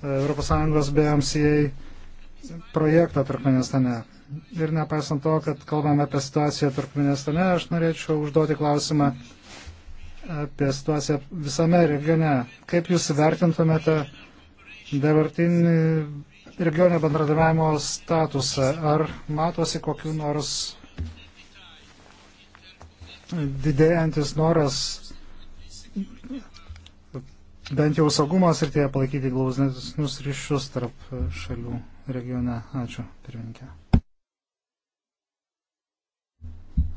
ES BMCA projektą Turkmenistane? Ir nepaisant to, kad kalbame apie situaciją Turkmenistane, aš norėčiau užduoti klausimą apie situaciją visame regione. Kaip Jūs vertintumėte dabartinį regionio bendradarbiavimo statusą? Ar matosi kokiu nors didėjantis noras bent jau saugumo srityje palaikyti glausnesnius ryšius tarp šalių regione? Ačiū, pirmininkė.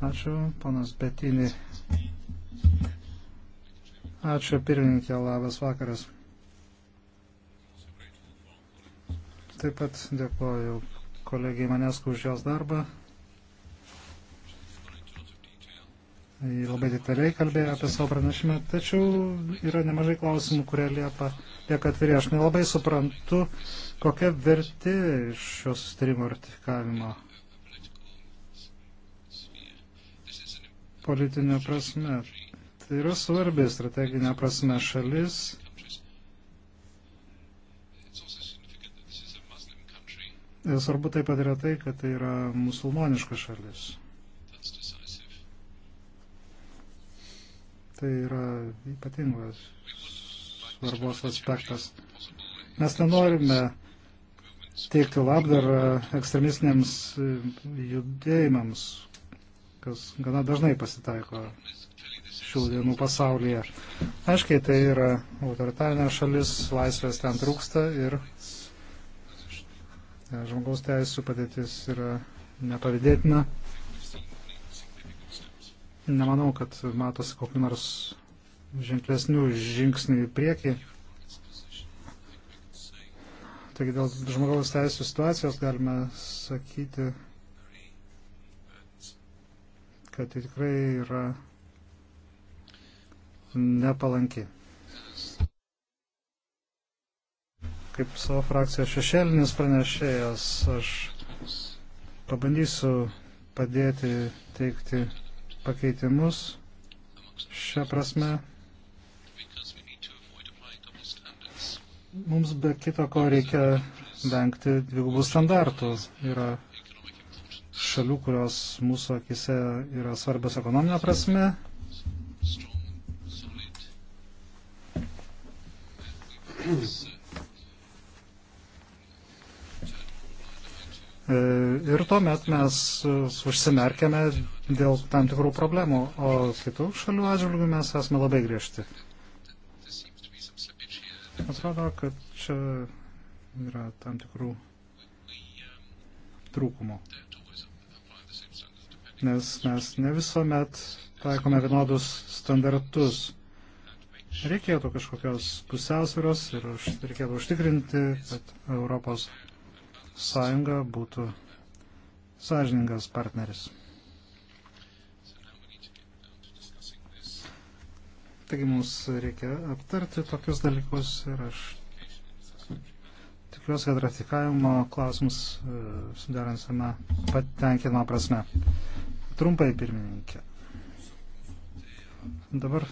Ačiū, panas Betinį. Ačiū pirmininkė, labas vakaras. Taip pat dėkoju kolegijai Manesku už jos darbą. Jis labai detaliai kalbėjo apie savo pranešimą, tačiau yra nemažai klausimų, kurie liepa, lieka atviri. Aš nelabai suprantu, kokia verti iš šio sustarimo ratifikavimo politinė prasme Tai yra svarbi strateginė prasme šalis. Ir svarbu taip pat yra tai, kad tai yra musulmoniška šalis. Tai yra ypatingas svarbos aspektas. Mes nenorime teikti labdarą ekstremistiniams judėjimams, kas gana dažnai pasitaiko šių dienų pasaulyje. Aiškiai, tai yra autoritarinė šalis, laisvės ten trūksta ir žmogaus teisų padėtis yra nepavydėtina. Nemanau, kad matosi kokiu nors ženklesnių žingsnių į priekį. Taigi dėl žmogaus teisų situacijos galime sakyti, kad tai tikrai yra nepalanki. Kaip savo frakcijos šešėlinis pranešėjas, aš pabandysiu padėti teikti pakeitimus šią prasme. Mums be kito ko reikia vengti dvigubų standartų. Yra šalių, kurios mūsų akise yra svarbios ekonominė prasme E, ir tuomet mes e, užsimerkėme dėl tam tikrų problemų, o kitų šalių atžvilgių mes esame labai griežti. Atrodo, kad čia yra tam tikrų trūkumų. Nes mes ne visuomet taikome vienodus standartus Reikėtų kažkokios pusiausvėros ir už, reikėtų užtikrinti, kad Europos Sąjunga būtų sąžiningas partneris. Taigi mums reikia aptarti tokius dalykus ir aš tikiuosi, kad ratifikavimo klausimus e, suderinsime patenkinamą prasme. Trumpai pirmininkė. Dabar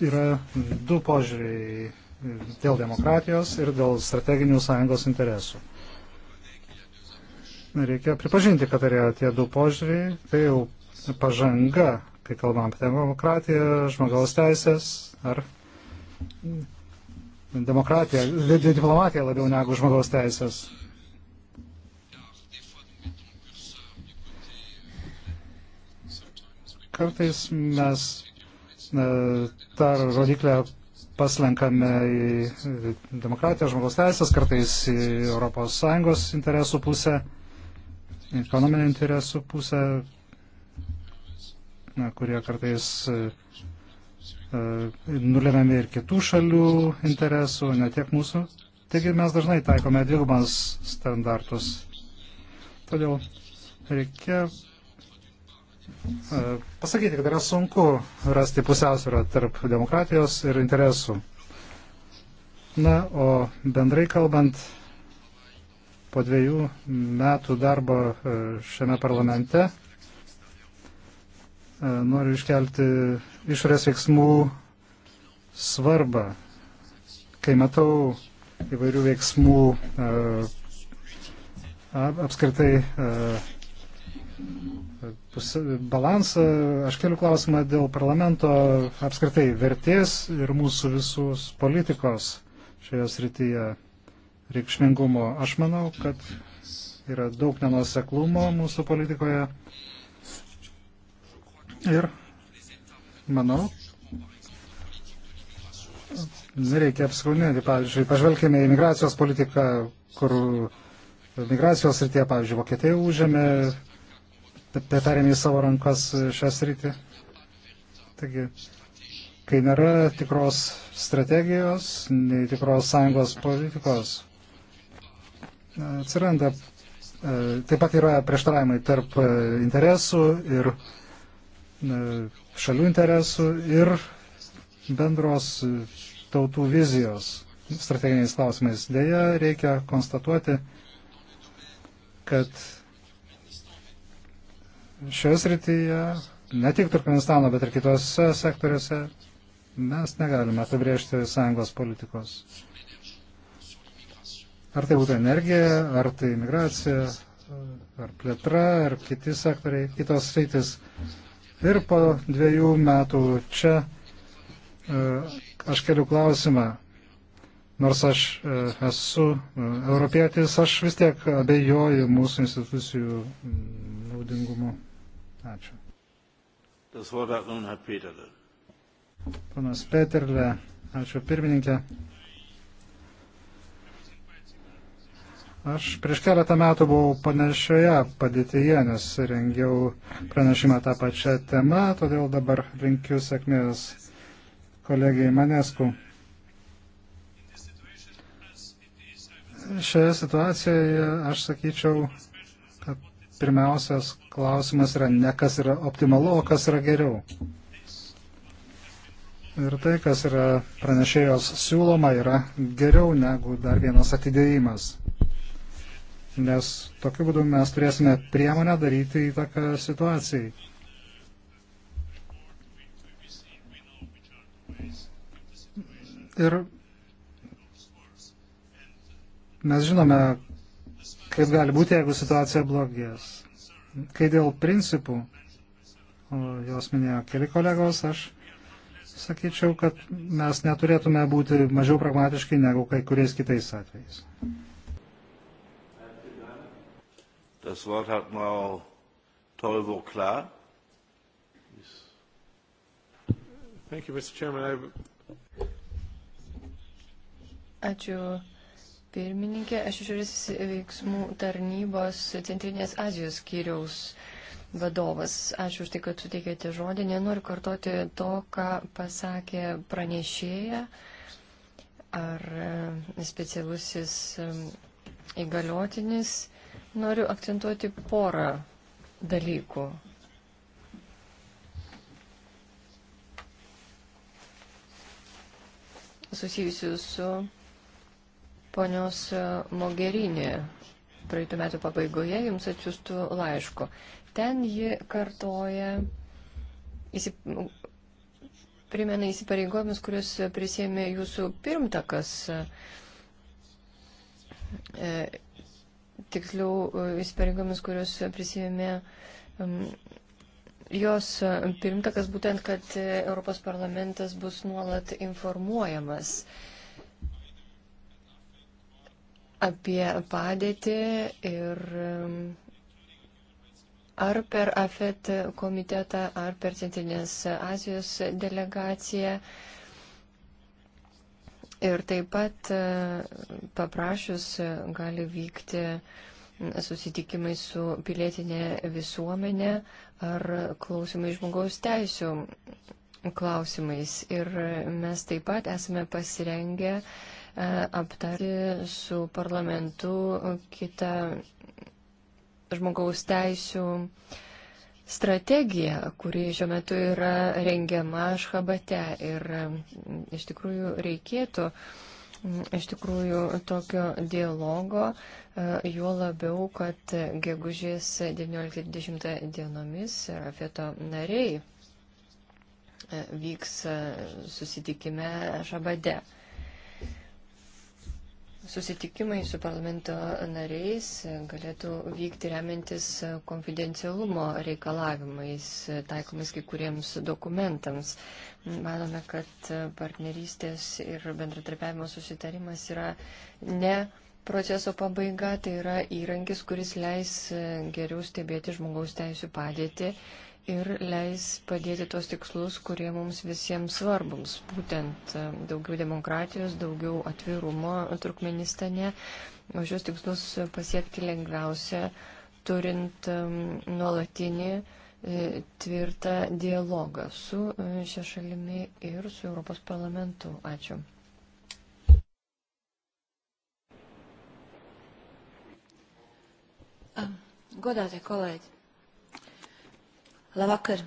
yra du požiūriai dėl demokratijos ir dėl strateginių sąjungos interesų. Reikia pripažinti, kad yra tie du požiūriai, tai jau pažanga, kai kalbam apie demokratiją, žmogaus teisės ar demokratiją, diplomatiją labiau negu žmogaus teisės. Kartais mes tą e, rodiklę paslenkame į demokratiją, žmogaus teisės, kartais į ES interesų pusę, ekonominę interesų pusę, kurie kartais e, e, nulemiami ir kitų šalių interesų, ne tiek mūsų. Taigi mes dažnai taikome dvigubas standartus. Todėl reikia pasakyti, kad yra sunku rasti pusiausvyrą tarp demokratijos ir interesų. Na, o bendrai kalbant, po dviejų metų darbo e, šiame parlamente e, noriu iškelti išorės veiksmų svarbą. Kai matau įvairių veiksmų e, apskritai balansą. Aš keliu klausimą dėl parlamento apskritai vertės ir mūsų visus politikos šioje srityje reikšmingumo. Aš manau, kad yra daug nenuoseklumo mūsų politikoje. Ir manau, nereikia apskaunėti. Pavyzdžiui, pažvelkime į migracijos politiką, kur migracijos srityje, pavyzdžiui, Vokietija užėmė perėmė į savo rankas šią sritį. Taigi, kai nėra tikros strategijos, nei tikros sąjungos politikos, atsiranda, e, taip pat yra prieštaravimai tarp e, interesų ir e, šalių interesų ir bendros tautų vizijos strateginiais klausimais. Deja, reikia konstatuoti, kad šioje srityje, ne tik Turkmenistano, bet ir kitose sektoriuose, mes negalime apibriežti sąjungos politikos. Ar tai būtų energija, ar tai migracija, ar plėtra, ar kiti sektoriai, kitos sritis. Ir po dviejų metų čia e, aš keliu klausimą. Nors aš e, esu e, europietis, aš vis tiek abejoju mūsų institucijų naudingumu. Ačiū. Das Wort hat nun Herr Peterle. Ponas Peterle, ačiū pirmininkė. Aš prieš keletą metų buvau panašioje padėtyje, nes rengiau pranešimą tą pačią temą, todėl dabar linkiu sėkmės kolegijai Manesku. Šioje situacijoje aš sakyčiau, pirmiausias klausimas yra ne kas yra optimalu, o kas yra geriau. Ir tai, kas yra pranešėjos siūloma, yra geriau negu dar vienas atidėjimas. Nes tokiu būdu mes turėsime priemonę daryti įtaką situacijai. Ir mes žinome, kaip gali būti, jeigu situacija blogės. Kai dėl principų, jos minėjo keli kolegos, aš sakyčiau, kad mes neturėtume būti mažiau pragmatiški negu kai kuriais kitais atvejais. Das Wort hat Frau Tolvo Klar. Thank you, Mr. Chairman. I... Ačiū, pirmininkė. Aš išorės veiksmų tarnybos Centrinės Azijos skyriaus vadovas. Ačiū už tai, kad suteikėte žodį. Nenoriu kartoti to, ką pasakė pranešėja ar e, specialusis e, įgaliotinis. Noriu akcentuoti porą dalykų. susijusių su ponios e, Mogerinė praeitų metų pabaigoje jums atsiųstų laišku. Ten ji kartoja, įsip, primena įsipareigojimus, kuriuos prisėmė jūsų pirmtakas. E, tiksliau, e, įsipareigojimus, kuriuos prisėmė um, jos pirmtakas, būtent, kad Europos parlamentas bus nuolat informuojamas. E, apie padėtį ir um, ar per AFET komitetą, ar per Centrinės Azijos delegaciją. Ir taip pat uh, paprašius uh, gali vykti mm, susitikimai su pilietinė visuomenė ar klausimai žmogaus teisų klausimais. Ir mes taip pat esame pasirengę uh, E, aptarti su parlamentu kitą žmogaus teisų strategija, kuri šiuo metu yra rengiama Šhabate. Ir e, iš tikrųjų reikėtų iš tikrųjų tokio dialogo, e, juo labiau, kad gegužės 19-20 dienomis Rafeto nariai vyks susitikime Šabade susitikimai su parlamento nariais galėtų vykti remiantis konfidencialumo reikalavimais taikomais kai kuriems dokumentams. Manome, kad partnerystės ir bendratarpiavimo susitarimas yra ne proceso pabaiga, tai yra įrankis, kuris leis geriau stebėti žmogaus teisų padėtį ir leis padėti tos tikslus, kurie mums visiems svarbums. Būtent e, daugiau demokratijos, daugiau atvirumo Turkmenistane. O šios tikslus pasiekti lengviausia, turint e, nuolatinį e, tvirtą dialogą su šia šalimi ir su Europos parlamentu. Ačiū. Godātie kolēģi, Labvakar!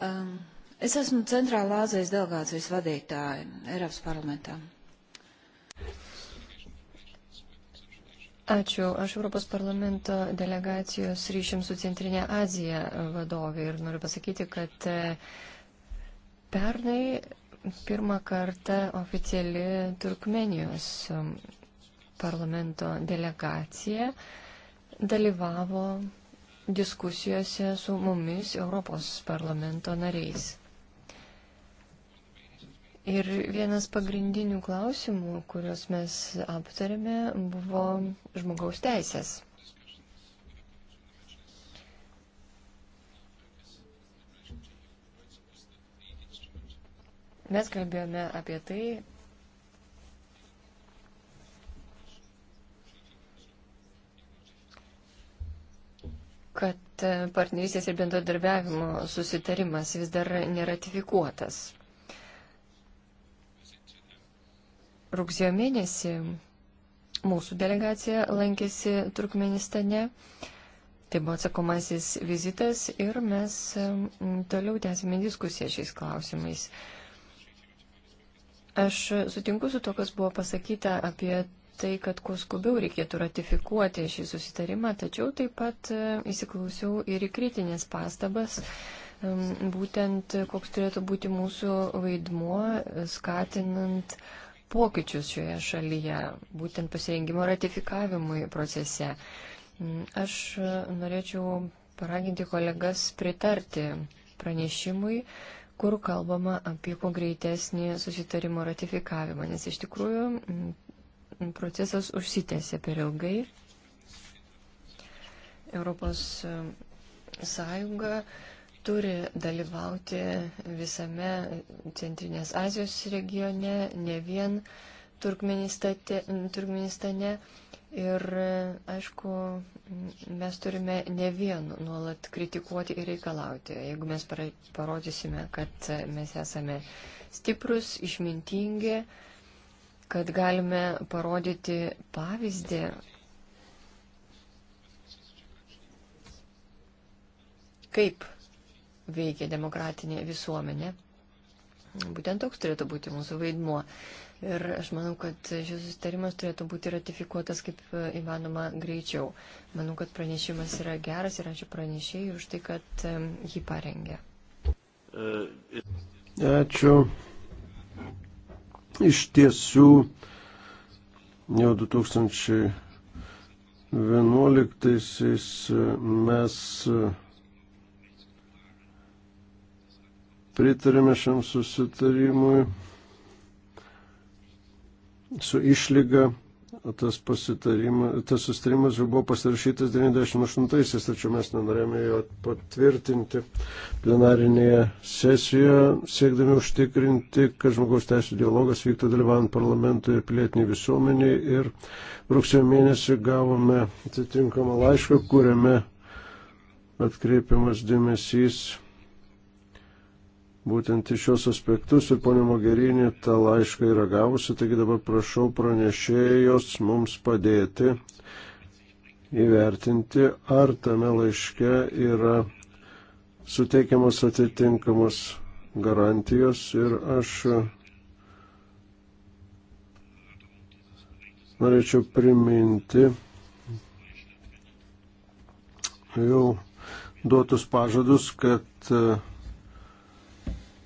Um, es esmu Centrāla Āzijas delegācijas vadītāja Eiropas parlamentā. Ačiū. Aš Europos parlamento delegacijos ryšiams su Centrinė Azija vadovė ir noriu pasakyti, kad e, pernai pirmą kartą oficiali Turkmenijos um, parlamento delegacija dalyvavo diskusijose su mumis Europos parlamento nariais. Ir vienas pagrindinių klausimų, kuriuos mes aptarėme, buvo žmogaus teisės. Mes kalbėjome apie tai, kad e, partnerystės ir bendradarbiavimo susitarimas vis dar neratifikuotas. Rugsėjo mėnesį mūsų delegacija lankėsi Turkmenistane. Tai buvo atsakomasis vizitas ir mes e, toliau tęsime diskusiją šiais klausimais. Aš sutinku su to, kas buvo pasakyta apie tai, kad kuo skubiau reikėtų ratifikuoti šį susitarimą, tačiau taip pat e, įsiklausiau ir į kritinės pastabas, būtent koks turėtų būti mūsų vaidmuo e, skatinant pokyčius šioje šalyje, būtent pasirengimo ratifikavimui procese. Mm, aš e, norėčiau paraginti kolegas pritarti pranešimui, kur kalbama apie kuo greitesnį susitarimo ratifikavimą, nes iš tikrųjų mm, procesas užsitęsė per ilgai. Europos e, Sąjunga turi dalyvauti visame Centrinės Azijos regione, ne vien Turkmenistane. Ir e, aišku, mes turime ne vien nuolat kritikuoti ir reikalauti. Jeigu mes parodysime, kad mes esame stiprus, išmintingi, kad galime parodyti pavyzdį. Kaip veikia demokratinė visuomenė. Būtent toks turėtų būti mūsų vaidmuo. Ir aš manau, kad šis sustarimas turėtų būti ratifikuotas kaip įmanoma greičiau. Manau, kad pranešimas yra geras ir ačiū pranešėjai už tai, kad jį parengė. Ačiū. Iš tiesų, jau 2011 mes pritarėme šiam susitarimui su išlyga, tas, tas sustarimas jau buvo pasirašytas 98-aisiais, tačiau mes nenorėjome jo patvirtinti plenarinėje sesijoje, siekdami užtikrinti, kad žmogaus teisų dialogas vyktų dalyvaujant parlamentui ir pilietiniai visuomeniai. Ir rugsėjo mėnesį gavome atitinkamą laišką, kuriame atkreipiamas dėmesys būtent į šios aspektus ir ponė Mogerinė tą laišką yra gavusi, taigi dabar prašau pranešėjos mums padėti įvertinti, ar tame laiške yra suteikiamos atitinkamos garantijos ir aš norėčiau priminti jau duotus pažadus, kad uh,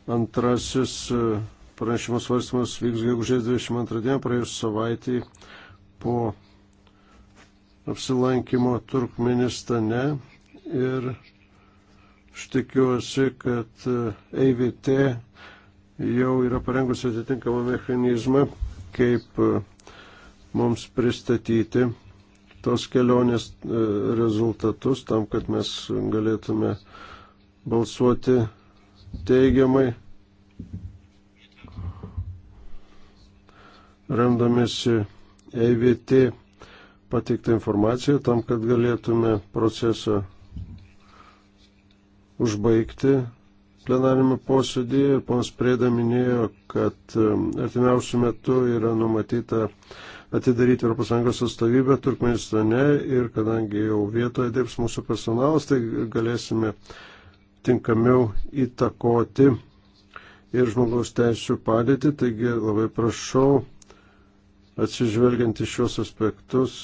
Antrasis e, pranešimas svarstymas vyks gegužės 22 dieną praėjus savaitį po apsilankimo Turkmenistane ir aš tikiuosi, kad EIVT jau yra parengusi atitinkamą mechanizmą, kaip e, mums pristatyti tos kelionės e, rezultatus tam, kad mes galėtume balsuoti teigiamai, remdamėsi EVT pateiktą informaciją tam, kad galėtume procesą užbaigti plenarinėme posėdėje. Pons Prėda minėjo, kad um, artimiausių metų yra numatyta atidaryti ES atstovybę Turkmenistane ir kadangi jau vietoje dirbs mūsų personalas, tai galėsime tinkamiau įtakoti ir žmogaus teisų padėtį. Taigi labai prašau, atsižvelgiant į šios aspektus,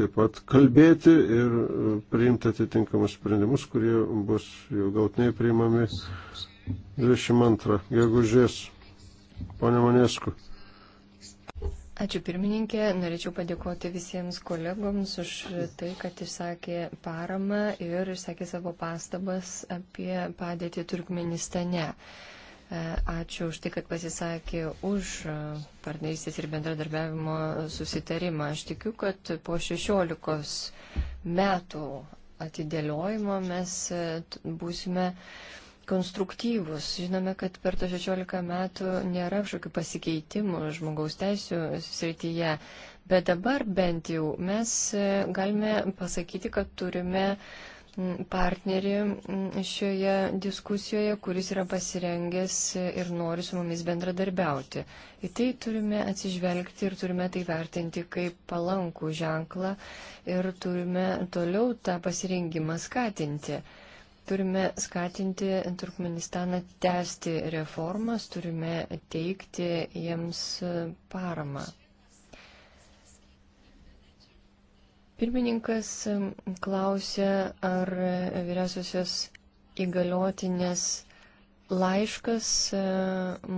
taip pat kalbėti ir priimti atitinkamus sprendimus, kurie bus jau gautiniai priimami 22 gegužės. Pone Manesku. Ačiū pirmininkė, norėčiau padėkoti visiems kolegoms už tai, kad išsakė paramą ir išsakė savo pastabas apie padėtį Turkmenistane. E, ačiū už tai, kad pasisakė už e, partnerystės ir bendradarbiavimo susitarimą. Aš tikiu, kad po 16 metų atidėliojimo mes e, būsime konstruktyvus. Žinome, kad per to 16 metų nėra kažkokių pasikeitimų žmogaus teisų srityje, bet dabar bent jau mes e, galime pasakyti, kad turime partnerį šioje diskusijoje, kuris yra pasirengęs ir nori su mumis bendradarbiauti. Į tai turime atsižvelgti ir turime tai vertinti kaip palankų ženklą ir turime toliau tą pasirengimą skatinti. Turime skatinti Turkmenistaną tęsti reformas, turime teikti jiems paramą. Pirmininkas klausė, ar vyriausiosios įgaliotinės laiškas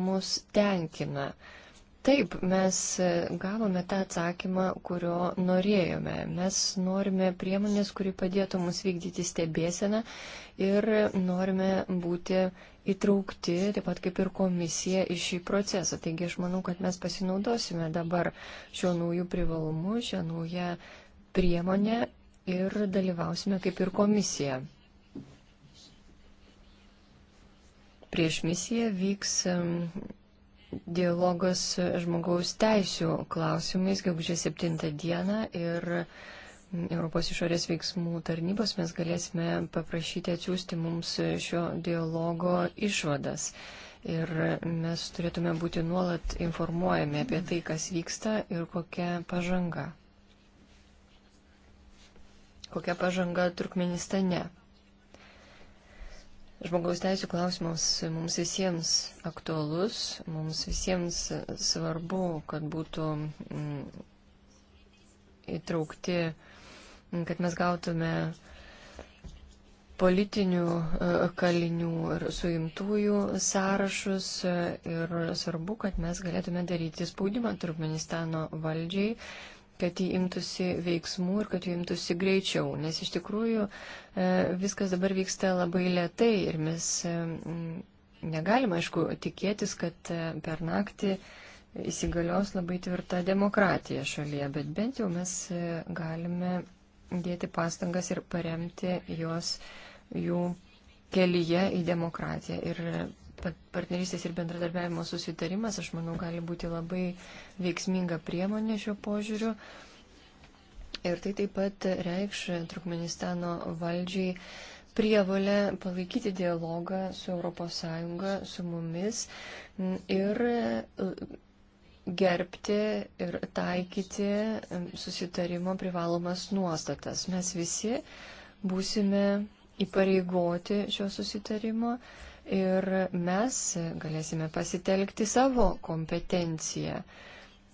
mus tenkina. Taip, mes e, gavome tą atsakymą, kurio norėjome. Mes norime priemonės, kuri padėtų mums vykdyti stebėseną ir norime būti įtraukti, taip pat kaip ir komisija, į šį procesą. Taigi aš manau, kad mes pasinaudosime dabar šio naujų privalumų, šią naują priemonę ir dalyvausime kaip ir komisija. Prieš misiją vyks dialogas žmogaus teisų klausimais gegužės 7 dieną ir Europos išorės veiksmų tarnybos mes galėsime paprašyti atsiųsti mums šio dialogo išvadas. Ir mes turėtume būti nuolat informuojami apie tai, kas vyksta ir kokia pažanga. Kokia pažanga Turkmenistane žmogaus teisų klausimas mums visiems aktualus, mums visiems svarbu, kad būtų mm, įtraukti, kad mes gautume politinių e, kalinių ir suimtųjų sąrašus e, ir svarbu, kad mes galėtume daryti spaudimą Turkmenistano valdžiai kad jį imtųsi veiksmų ir kad jų imtųsi greičiau, nes iš tikrųjų e, viskas dabar vyksta labai lietai ir mes e, negalime, aišku, tikėtis, kad e, per naktį įsigalios labai tvirta demokratija šalyje, bet bent jau mes galime dėti pastangas ir paremti juos jų kelyje į demokratiją ir partnerystės ir bendradarbiavimo susitarimas, aš manau, gali būti labai veiksminga priemonė šiuo požiūriu. Ir tai taip pat reikš Turkmenistano valdžiai prievalę palaikyti dialogą su ES, su mumis ir e, gerbti ir taikyti e, susitarimo privalomas nuostatas. Mes visi būsime įpareigoti šio susitarimo ir mes galėsime pasitelkti savo kompetenciją.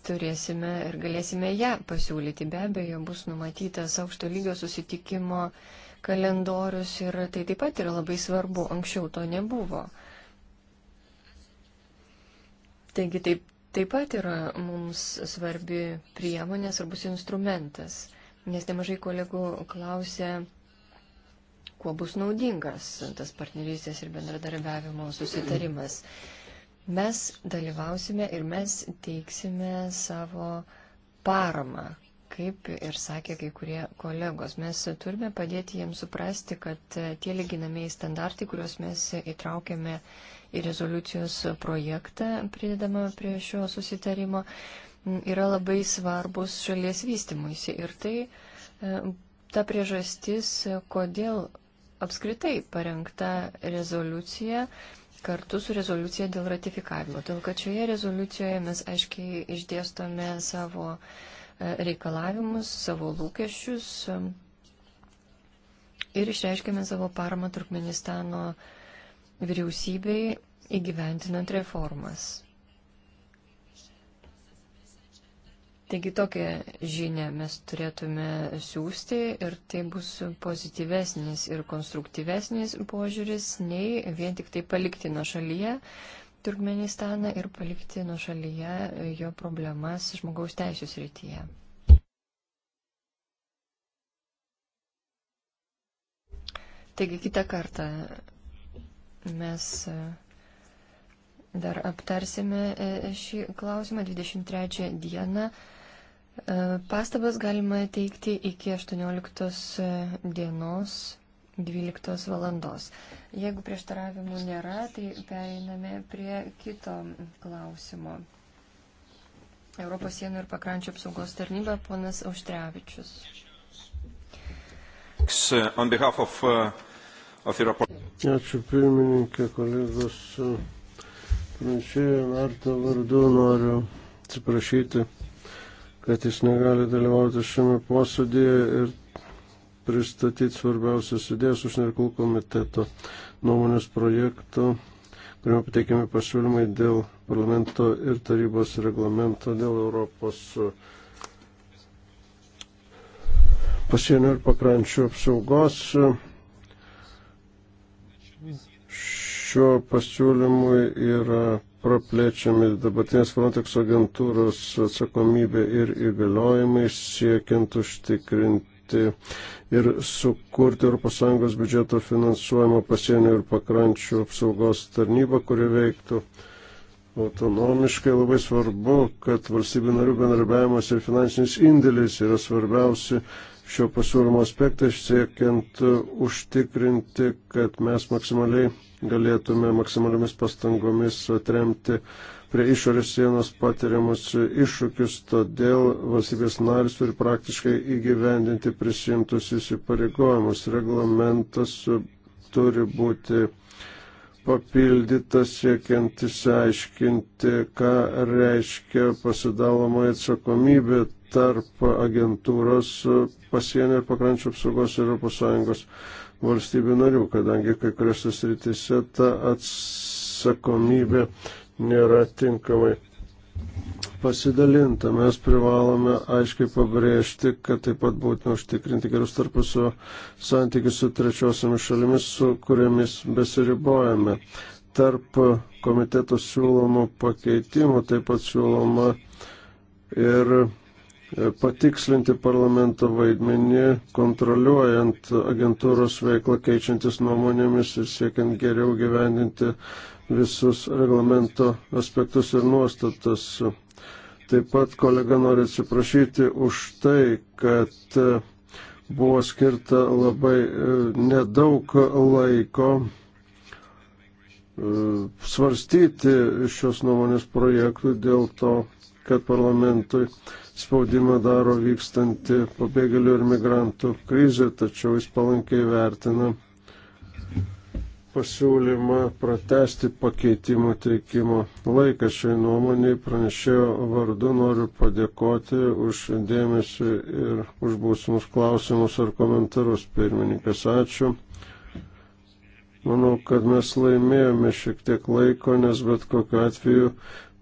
Turėsime ir galėsime ją pasiūlyti. Be abejo, bus numatytas aukšto lygio susitikimo kalendorius ir tai taip pat yra labai svarbu. Anksčiau to nebuvo. Taigi taip, taip pat yra mums svarbi priemonė, svarbus instrumentas. Nes nemažai kolegų klausė, kuo bus naudingas tas partnerystės ir bendradarbiavimo susitarimas. Mes dalyvausime ir mes teiksime savo paramą, kaip ir sakė kai kurie kolegos. Mes turime padėti jiems suprasti, kad tie lyginamieji standartai, kuriuos mes įtraukėme į rezoliucijos projektą, pridedama prie šio susitarimo, yra labai svarbus šalies vystimuisi. Ir tai e, ta priežastis, kodėl apskritai parengta rezoliucija kartu su rezoliucija dėl ratifikavimo. Todėl, kad šioje rezoliucijoje mes aiškiai išdėstome savo e, reikalavimus, savo lūkesčius e, ir išreiškėme savo paramą Turkmenistano vyriausybei įgyventinant reformas. Taigi tokią žinę mes turėtume siūsti ir tai bus pozityvesnis ir konstruktyvesnis požiūris, nei vien tik tai palikti nuo šalyje Turkmenistaną ir palikti nuo šalyje jo problemas žmogaus teisų srityje. Taigi kitą kartą mes dar aptarsime e, šį klausimą 23 dieną. E, pastabas galima teikti iki 18 e, dienos 12 valandos. Jeigu prieštaravimų nėra, tai pereiname prie kito klausimo. Europos sienų ir pakrančio apsaugos tarnyba ponas Auštrevičius. Uh, Ačiū pirmininkė, kolegos. Pranešėjo Narto vardu noriu atsiprašyti kad jis negali dalyvauti šiame posėdėje ir pristatyti svarbiausias idėjas užsienio reikalų komiteto nuomonės projekto, kuriame pateikiami pasiūlymai dėl parlamento ir tarybos reglamento dėl Europos pasienio ir pakrančių apsaugos. Šiuo pasiūlymui yra praplečiami dabartinės Frontex agentūros atsakomybė ir įgaliojimai siekiant užtikrinti ir sukurti ES biudžeto finansuojamą pasienio ir pakrančių apsaugos tarnybą, kuri veiktų autonomiškai. Labai svarbu, kad valstybių narių bendarbiavimas ir finansinis indėlis yra svarbiausi šio pasiūlymo aspektas siekiant e, užtikrinti, kad mes maksimaliai galėtume maksimaliomis pastangomis atremti prie išorės sienos patiriamus iššūkius, todėl valstybės narys turi praktiškai įgyvendinti prisimtus įsipareigojimus. Reglamentas turi būti papildytas siekiant įsiaiškinti, ką reiškia pasidalomai atsakomybė tarp agentūros e, pasienio ir pakrančių apsaugos ES valstybių narių, kadangi kai kuriuose srityse ta atsakomybė nėra tinkamai pasidalinta. Mes privalome aiškiai pabrėžti, kad taip pat būtina užtikrinti gerus tarpusio santykius su trečiosiamis šalimis, su kuriamis besiribojame. Tarp komiteto siūlomų pakeitimų taip pat siūloma ir patikslinti parlamento vaidmenį, kontroliuojant agentūros veiklą, keičiantis nuomonėmis ir siekiant geriau gyvendinti visus reglamento aspektus ir nuostatas. Taip pat kolega nori atsiprašyti už tai, kad e, buvo skirta labai e, nedaug laiko e, svarstyti šios nuomonės projektų, dėl to kad parlamentui spaudimą daro vykstanti pabėgėlių ir migrantų krizė, tačiau jis palankiai vertina pasiūlymą pratesti pakeitimo teikimo laiką šiai nuomoniai pranešėjo vardu noriu padėkoti už dėmesį ir už būsimus klausimus ar komentarus. Pirmininkas, ačiū. Manau, kad mes laimėjome šiek tiek laiko, nes bet kokiu atveju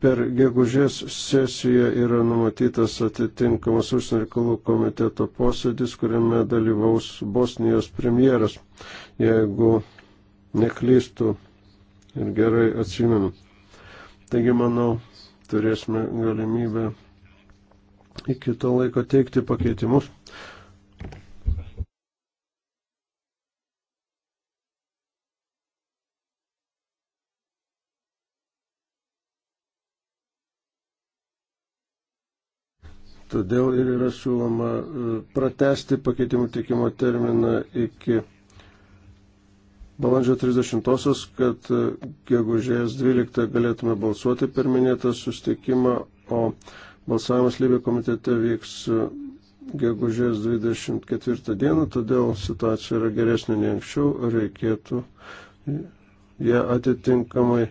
Per gegužės sesiją yra numatytas atitinkamas užsienio reikalų komiteto posėdis, kuriame dalyvaus Bosnijos premjeras, jeigu neklystų ir gerai atsimenu. Taigi, manau, turėsime galimybę iki to laiko teikti pakeitimus. Todėl ir yra siūloma e, pratesti pakeitimų teikimo terminą iki balandžio 30-osios, kad e, gegužės 12 galėtume balsuoti per minėtą sustikimą, o balsavimas lygio komitete vyks e, gegužės 24 dieną, todėl situacija yra geresnė nei anksčiau, reikėtų ją atitinkamai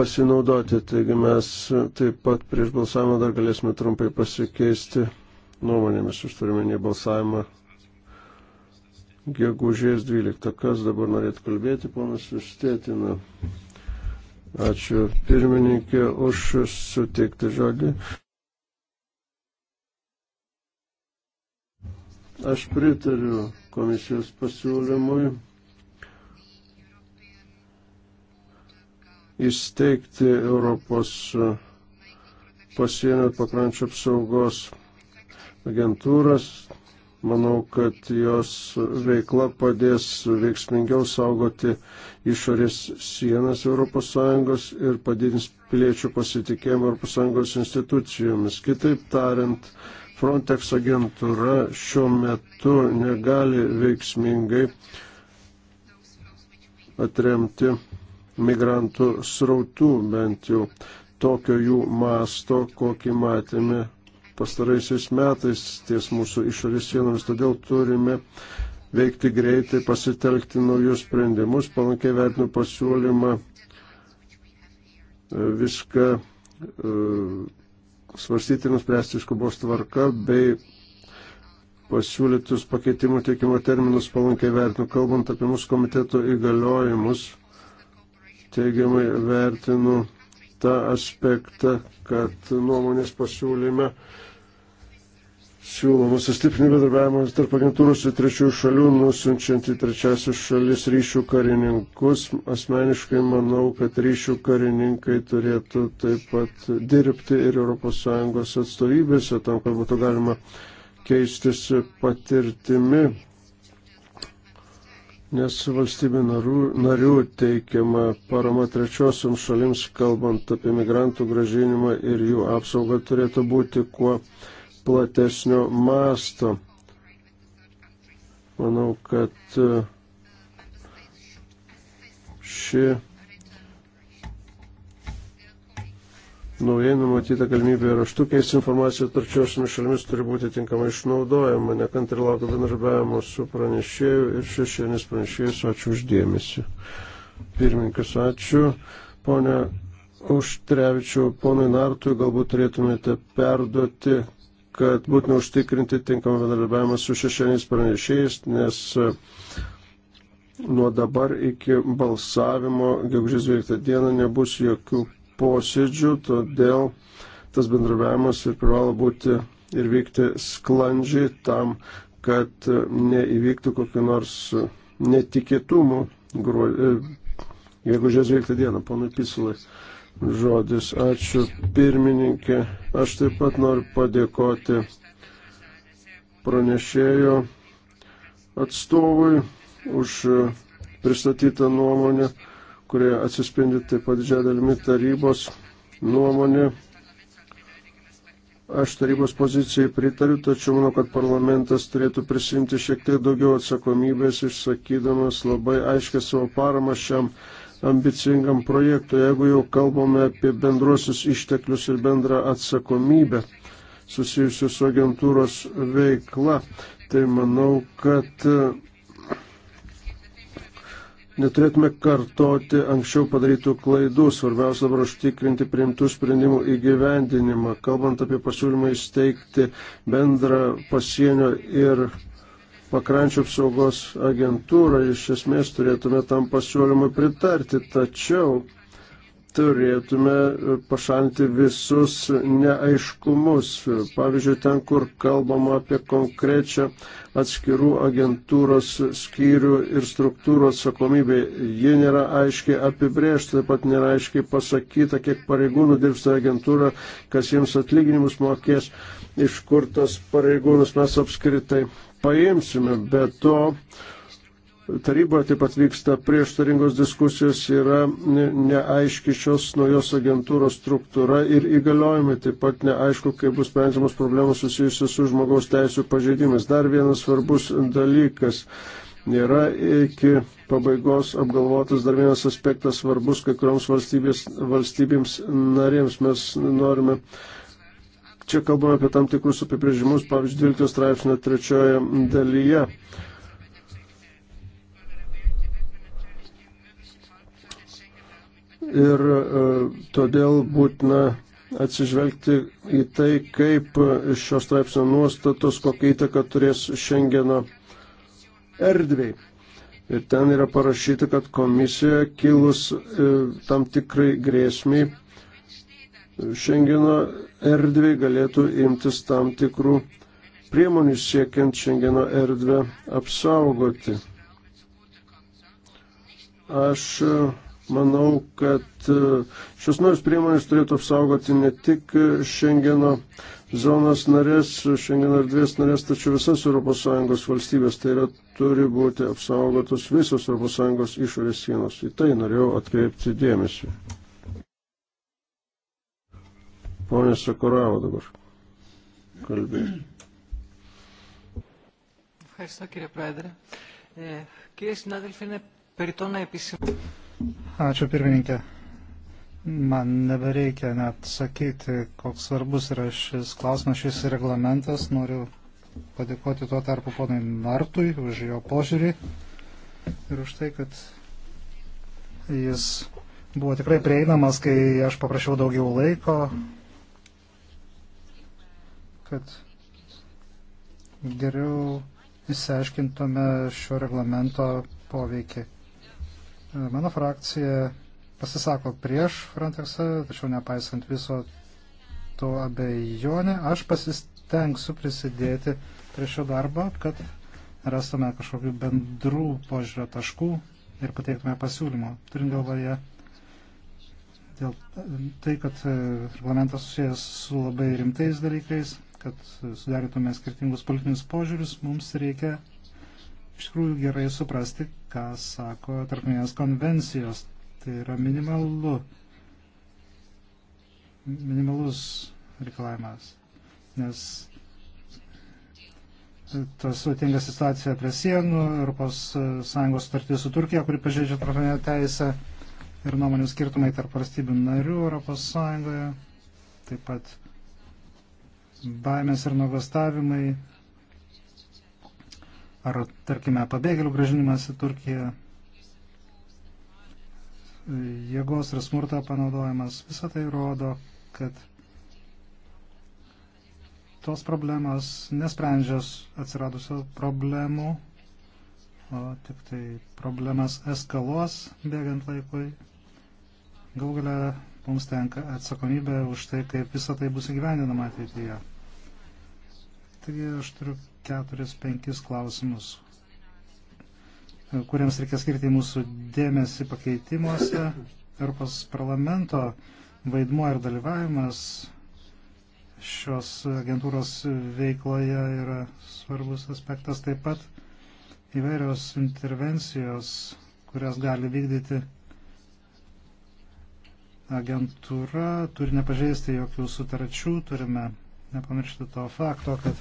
pasinaudoti. Taigi mes taip pat prieš balsavimą dar galėsime trumpai pasikeisti nuomonėmis. Aš turime ne balsavimą gegužės 12. Kas dabar norėtų kalbėti, ponas Štėtina? Ačiū pirmininkė už suteikti žodį. Aš pritariu komisijos pasiūlymui. įsteigti Europos pasienio pakrančio apsaugos agentūras. Manau, kad jos veikla padės veiksmingiau saugoti išorės sienas ES ir padidins piliečių pasitikėjimą ES institucijomis. Kitaip tariant, Frontex agentūra šiuo metu negali veiksmingai atremti migrantų srautų, bent jau tokio jų masto, kokį matėme pastaraisiais metais ties mūsų išorės sienomis. Todėl turime veikti greitai, pasitelkti naujus sprendimus, palankiai vertinu pasiūlymą e, viską e, svarstyti ir nuspręsti iš kubos tvarka bei pasiūlytus pakeitimų teikimo terminus palankiai vertinu. Kalbant apie mūsų komiteto įgaliojimus, teigiamai vertinu tą aspektą, kad nuomonės pasiūlyme siūloma sustiprinti bendradarbiavimą tarp agentūros ir trečiųjų šalių, nusinčiant į trečiasius šalis ryšių karininkus. Asmeniškai manau, kad ryšių karininkai turėtų taip pat dirbti ir ES atstovybėse, tam, kad būtų galima keistis patirtimi nes valstybių narių, narių teikiama parama trečiosiam šalims, kalbant apie migrantų gražinimą ir jų apsaugą, turėtų būti kuo platesnio masto. Manau, kad e, ši naujai numatyta galimybė raštų keisti informaciją tarčiosiomis šalimis turi būti tinkamai išnaudojama. Nekantri laukia bendradarbiavimo su pranešėju ir šešėnis pranešėjus. Ačiū uždėmesi. Pirmininkas, ačiū. Pone Užtrevičiu, ponui Nartui galbūt turėtumėte perduoti, kad būtina užtikrinti tinkamą bendradarbiavimą su šešėniais pranešėjais, nes e, nuo dabar iki balsavimo, gegužės 12 dieną, nebus jokių posėdžių, todėl tas bendravimas ir privalo būti ir vykti sklandžiai tam, kad neįvyktų kokiu nors netikėtumu e, gegužės 12 dieną, ponui Pisulai. Žodis, ačiū pirmininkė. Aš taip pat noriu padėkoti pranešėjo atstovui už pristatytą nuomonę kurie atsispindi taip pat didžiąją dalimi tarybos nuomonė. Aš tarybos pozicijai pritariu, tačiau manau, kad parlamentas turėtų prisimti šiek tiek daugiau atsakomybės, išsakydamas labai aiškę savo paramą šiam ambicingam projektui, jeigu jau kalbame apie bendruosius išteklius ir bendrą atsakomybę susijusius su agentūros veikla. Tai manau, kad Neturėtume kartoti anksčiau padarytų klaidų, svarbiausia dabar užtikrinti priimtų sprendimų įgyvendinimą. Kalbant apie pasiūlymą įsteigti bendrą pasienio ir pakrančių apsaugos agentūrą, iš esmės turėtume tam pasiūlymui pritarti, tačiau turėtume pašalinti visus neaiškumus. Pavyzdžiui, ten, kur kalbama apie konkrečią atskirų agentūros skyrių ir struktūrų atsakomybę, ji nėra aiškiai apibrėžta, taip pat nėra aiškiai pasakyta, kiek pareigūnų dirbs ta agentūra, kas jiems atlyginimus mokės, iš kur tas pareigūnus mes apskritai paimsime. Be to, Taryboje taip pat vyksta prieštaringos diskusijos, yra neaiški šios naujos agentūros struktūra ir įgaliojimai, taip pat neaišku, kaip bus sprendžiamos problemos susijusios su žmogaus teisų pažeidimais. Dar vienas svarbus dalykas. Nėra iki pabaigos apgalvotas dar vienas aspektas svarbus kai kurioms valstybėms narėms. Mes norime čia kalbame apie tam tikrus apibrėžimus, pavyzdžiui, 12 straipsnio trečioje dalyje ir e, todėl būtina atsižvelgti į tai, kaip šios straipsnio nuostatos, kokią įtaką turės Šengeno erdvėj. Ir ten yra parašyta, kad komisija kilus e, tam tikrai grėsmiai Šengeno erdvėj galėtų imtis tam tikrų priemonių siekiant Šengeno erdvę apsaugoti. Aš Manau, kad e, šios naujos priemonės turėtų apsaugoti ne tik Schengeno e, zonos narės, Schengeno erdvės narės, tačiau visas ES valstybės. Tai yra, turi būti apsaugotos visos ES išorės sienos. Į tai norėjau atkreipti dėmesį. Pone Sakuravo dabar kalbės. Ευχαριστώ κύριε Πρόεδρε. Ε, κύριε συνάδελφε, είναι περιττό να επισημάνω. Ačiū pirmininkė. Man nebereikia net sakyti, koks svarbus yra šis klausimas, šis reglamentas. Noriu padėkoti tuo tarpu ponai Nartui už jo požiūrį ir už tai, kad jis buvo tikrai prieinamas, kai aš paprašiau daugiau laiko, kad geriau įsiaiškintume šio reglamento poveikį. Mano frakcija pasisako prieš Frontexą, tačiau nepaisant viso to abejonė, aš pasistengsiu prisidėti prie šio darbo, kad rastume kažkokių bendrų požiūrio taškų ir pateiktume pasiūlymų. Turint galvoje dėl tai, kad reglamentas susijęs su labai rimtais dalykais, kad sudarytume skirtingus politinius požiūrius, mums reikia iš tikrųjų gerai suprasti, ką sako tarptautinės konvencijos. Tai yra minimalu, minimalus reikalavimas, nes ta sudėtinga situacija prie sienų, ES sutartis su Turkija, kuri pažeidžia tarptautinę teisę ir nuomonių skirtumai tarp valstybių narių ES, taip pat baimės ir nuogastavimai ar, tarkime, pabėgėlių gražinimas į Turkiją, jėgos ir smurto panaudojimas, visą tai rodo, kad tos problemos nesprendžios atsiradusių problemų, o tik tai problemas eskalos bėgant laikui. Gal galia mums tenka atsakomybė už tai, kaip visą tai bus įgyvendinama ateityje. Taigi aš turiu keturis, penkis klausimus, kuriems reikia skirti mūsų dėmesį pakeitimuose. Europos parlamento vaidmuo ir dalyvavimas šios agentūros veikloje yra svarbus aspektas. Taip pat įvairios intervencijos, kurias gali vykdyti agentūra, turi nepažeisti jokių sutarčių, turime nepamiršti to fakto, kad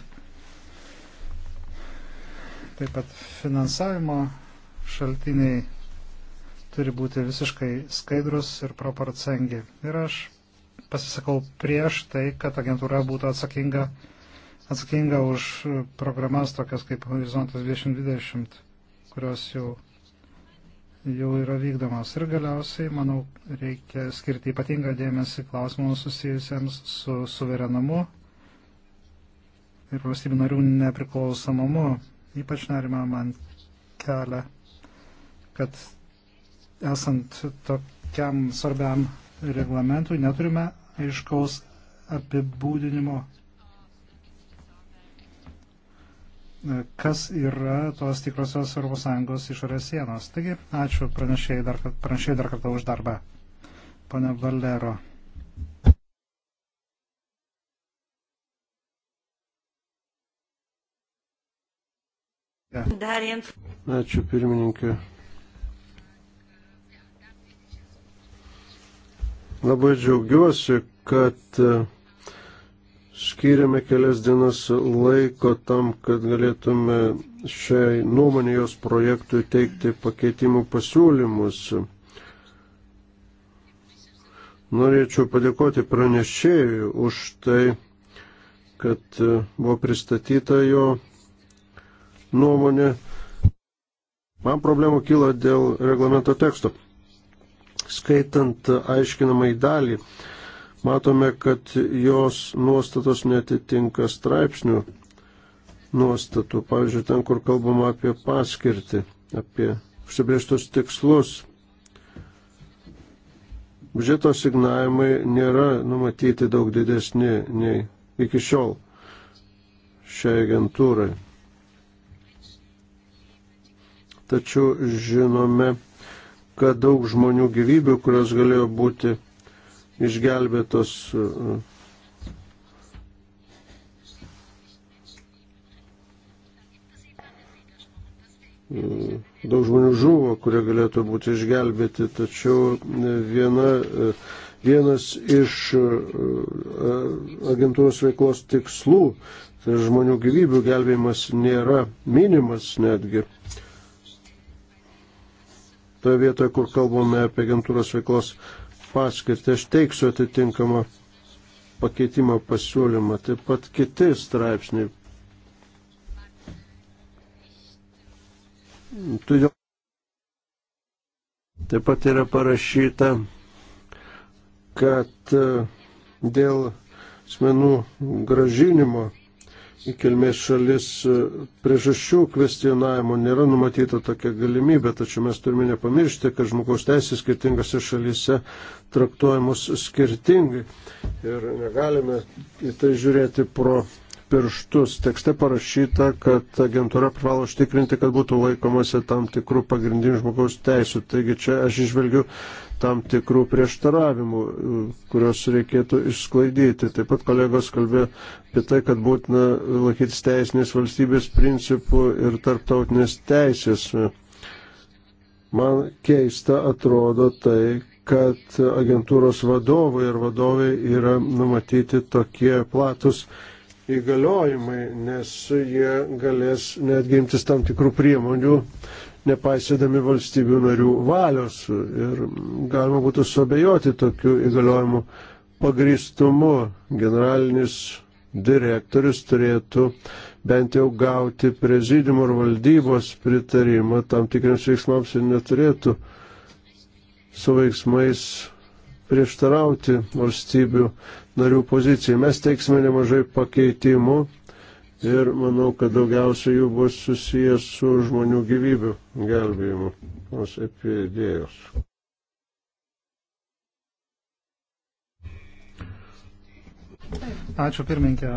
Taip pat finansavimo šaltiniai turi būti visiškai skaidrus ir proporcingi. Ir aš pasisakau prieš tai, kad agentūra būtų atsakinga, atsakinga už programas tokias kaip Horizontas 2020, kurios jau, jau yra vykdomas. Ir galiausiai, manau, reikia skirti ypatingą dėmesį klausimams susijusiems su suverenumu ir valstybių narių nepriklausomumu Ypač nerima man kelia, kad esant tokiam svarbiam reglamentui neturime aiškaus apibūdinimo, kas yra tos tikrosios ES išorės sienos. Taigi, ačiū pranešėjai dar, pranešėjai dar kartą už darbą. Pane Valero. Ačiū pirmininkė. Labai džiaugiuosi, kad e, skiriame kelias dienas laiko tam, kad galėtume šiai nuomonėjos projektui teikti pakeitimų pasiūlymus. Norėčiau padėkoti pranešėjui už tai, kad e, buvo pristatyta jo nuomonė. Man problemų kyla dėl reglamento teksto. Skaitant aiškinamą į dalį, matome, kad jos nuostatos netitinka straipsnių nuostatų. Pavyzdžiui, ten, kur kalbama apie paskirtį, apie užsibrieštus tikslus. Biudžeto signavimai nėra numatyti daug didesni nei iki šiol šiai agentūrai tačiau žinome, kad daug žmonių gyvybių, kurios galėjo būti išgelbėtos, daug žmonių žuvo, kurie galėtų būti išgelbėti, tačiau viena, vienas iš agentūros veiklos tikslų, tai žmonių gyvybių gelbėjimas nėra minimas netgi toje vietoje, kur kalbame apie agentūros veiklos paskirtį. Aš teiksiu atitinkamą pakeitimą pasiūlymą. Taip pat kiti straipsniai. Todėl taip pat yra parašyta, kad e, dėl asmenų gražinimo kilmės šalis e, priežasčių kvestionavimo nėra numatyta tokia galimybė, tačiau mes turime nepamiršti, kad žmogaus teisės skirtingose šalyse traktuojamos skirtingai ir negalime į tai žiūrėti pro pirštus. Tekste parašyta, kad agentūra privalo užtikrinti, kad būtų laikomasi tam tikrų pagrindinių žmogaus teisų. Taigi čia aš išvelgiu tam tikrų prieštaravimų, kuriuos reikėtų išsklaidyti. Taip pat kolegos kalbė apie tai, kad būtina laikytis teisinės valstybės principų ir tarptautinės teisės. Man keista atrodo tai, kad agentūros vadovai ir vadovai yra numatyti tokie platus įgaliojimai, nes jie galės netgi imtis tam tikrų priemonių, nepaisėdami valstybių narių valios. Ir galima būtų suabejoti tokiu įgaliojimu pagristumu. Generalinis direktorius turėtų bent jau gauti prezidimo ir valdybos pritarimą tam tikriams veiksmams ir neturėtų su veiksmais prieštarauti valstybių narių pozicijai. Mes teiksime nemažai pakeitimų ir manau, kad daugiausia jų bus susijęs su žmonių gyvybių gelbėjimu, nors apie idėjos. Ačiū pirmininkė.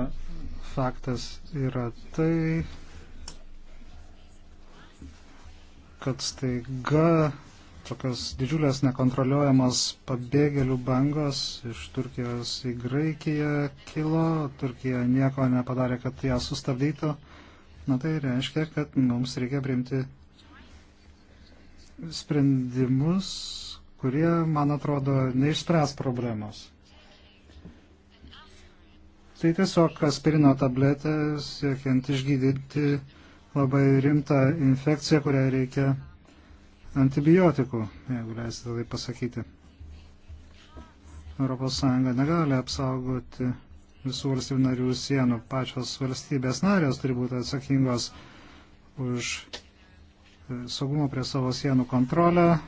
Faktas yra tai, kad staiga tokios didžiulės nekontroliuojamos pabėgėlių bangos iš Turkijos į Graikiją kilo, Turkija nieko nepadarė, kad ją sustabdytų. Na tai reiškia, kad mums reikia priimti sprendimus, kurie, man atrodo, neišspręs problemos. Tai tiesiog aspirino tabletė, siekiant išgydyti labai rimtą infekciją, kurią reikia antibiotikų, jeigu leisite tai pasakyti. ES negali apsaugoti visų valstybių narių sienų. Pačios valstybės narės turi būti atsakingos už e, saugumo prie savo sienų kontrolę.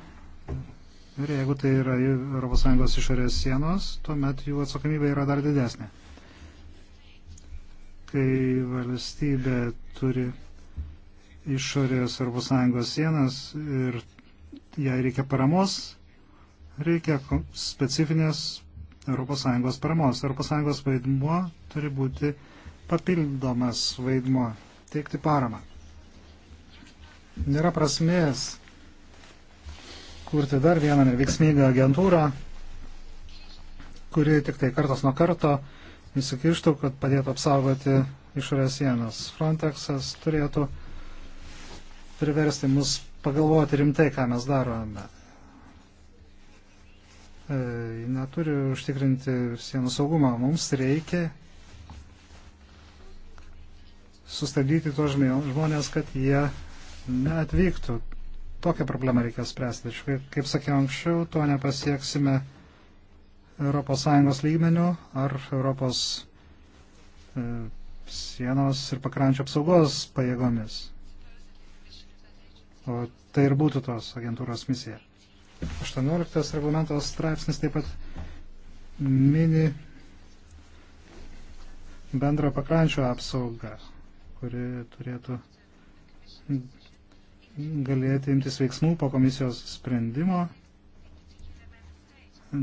Ir jeigu tai yra ES išorės sienos, tuomet jų atsakomybė yra dar didesnė. Kai valstybė turi išorės ES sienas ir jai reikia paramos, reikia specifinės ES paramos. ES vaidmuo turi būti papildomas vaidmuo teikti paramą. Nėra prasmės kurti dar vieną neveiksmingą agentūrą, kuri tik tai kartas nuo karto įsikištų, kad padėtų apsaugoti išorės sienas. Frontexas turėtų priversti mus pagalvoti rimtai, ką mes darome. E, ji neturi užtikrinti sienų saugumą. Mums reikia sustabdyti tos žmonės, kad jie neatvyktų. Tokią problemą reikia spręsti. Kaip sakiau anksčiau, to nepasieksime ES lygmenių ar ES e, sienos ir pakrančio apsaugos pajėgomis. O tai ir būtų tos agentūros misija. 18 reglamentos straipsnis taip pat mini bendrą pakrančio apsaugą, kuri turėtų galėti imtis veiksmų po komisijos sprendimo,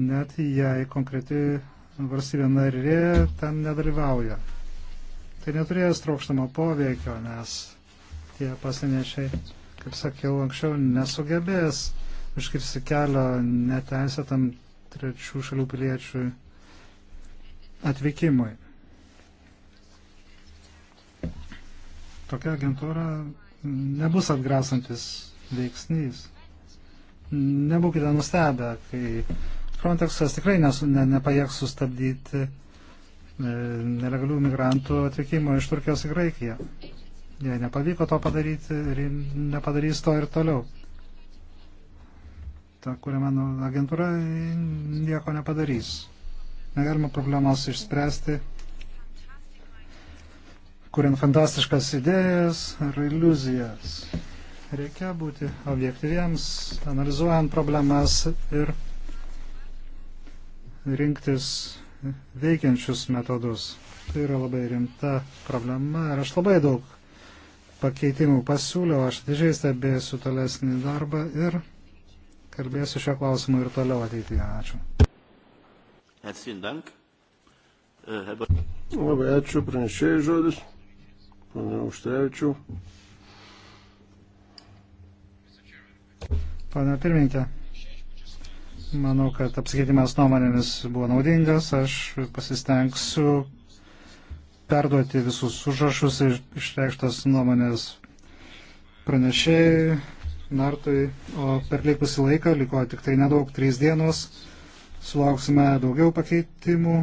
net jei konkreti valstybė narė ten nedalyvauja. Tai neturės trokštamo poveikio, nes tie pasieniečiai kaip sakiau anksčiau, nesugebės užkirsti kelio neteisėtam trečių šalių piliečių atvykimui. Tokia agentūra nebus atgrasantis veiksnys. Nebūkite nustebę, kai Frontexas tikrai nes, ne, nepajėgs sustabdyti e, nelegalių migrantų atvykimo iš Turkijos į Graikiją. Jei nepavyko to padaryti, nepadarys to ir toliau. Ta, kurią mano agentūra nieko nepadarys. Negalima problemos išspręsti, kuriant fantastiškas idėjas ar iliuzijas. Reikia būti objektyviems, analizuojant problemas ir rinktis veikiančius metodus. Tai yra labai rimta problema ir aš labai daug pakeitimų pasiūliau, aš didžiai stebėsiu tolesnį darbą ir kalbėsiu šio klausimu ir toliau ateityje. Ačiū. Äh, Labai ačiū, pranešėjai žodis. Pane Užtrevičių. Pane pirmininkė, manau, kad apsikeitimas nuomonėmis buvo naudingas. Aš pasistengsiu perduoti visus užrašus ir išreikštas nuomonės pranešėjai Nartui, o per likusį laiką liko tik tai nedaug, trys dienos, sulauksime daugiau pakeitimų,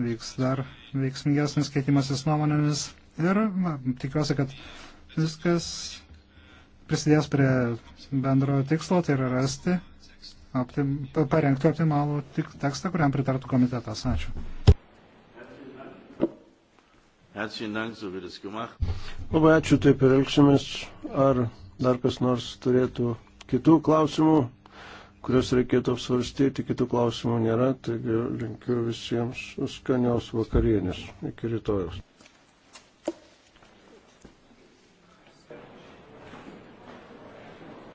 vyks dar veiksmingesnis keitimasis nuomonėmis ir na, tikiuosi, kad viskas prisidės prie bendro tikslo, tai yra rasti, optim, parengti optimalų tik, tekstą, kuriam pritartų komitetas. Ačiū. Labai ačiū, taip ir elgsimės. Ar dar kas nors turėtų kitų klausimų, kuriuos reikėtų apsvarstyti, kitų klausimų nėra, taigi linkiu visiems skanios vakarienės iki rytojus.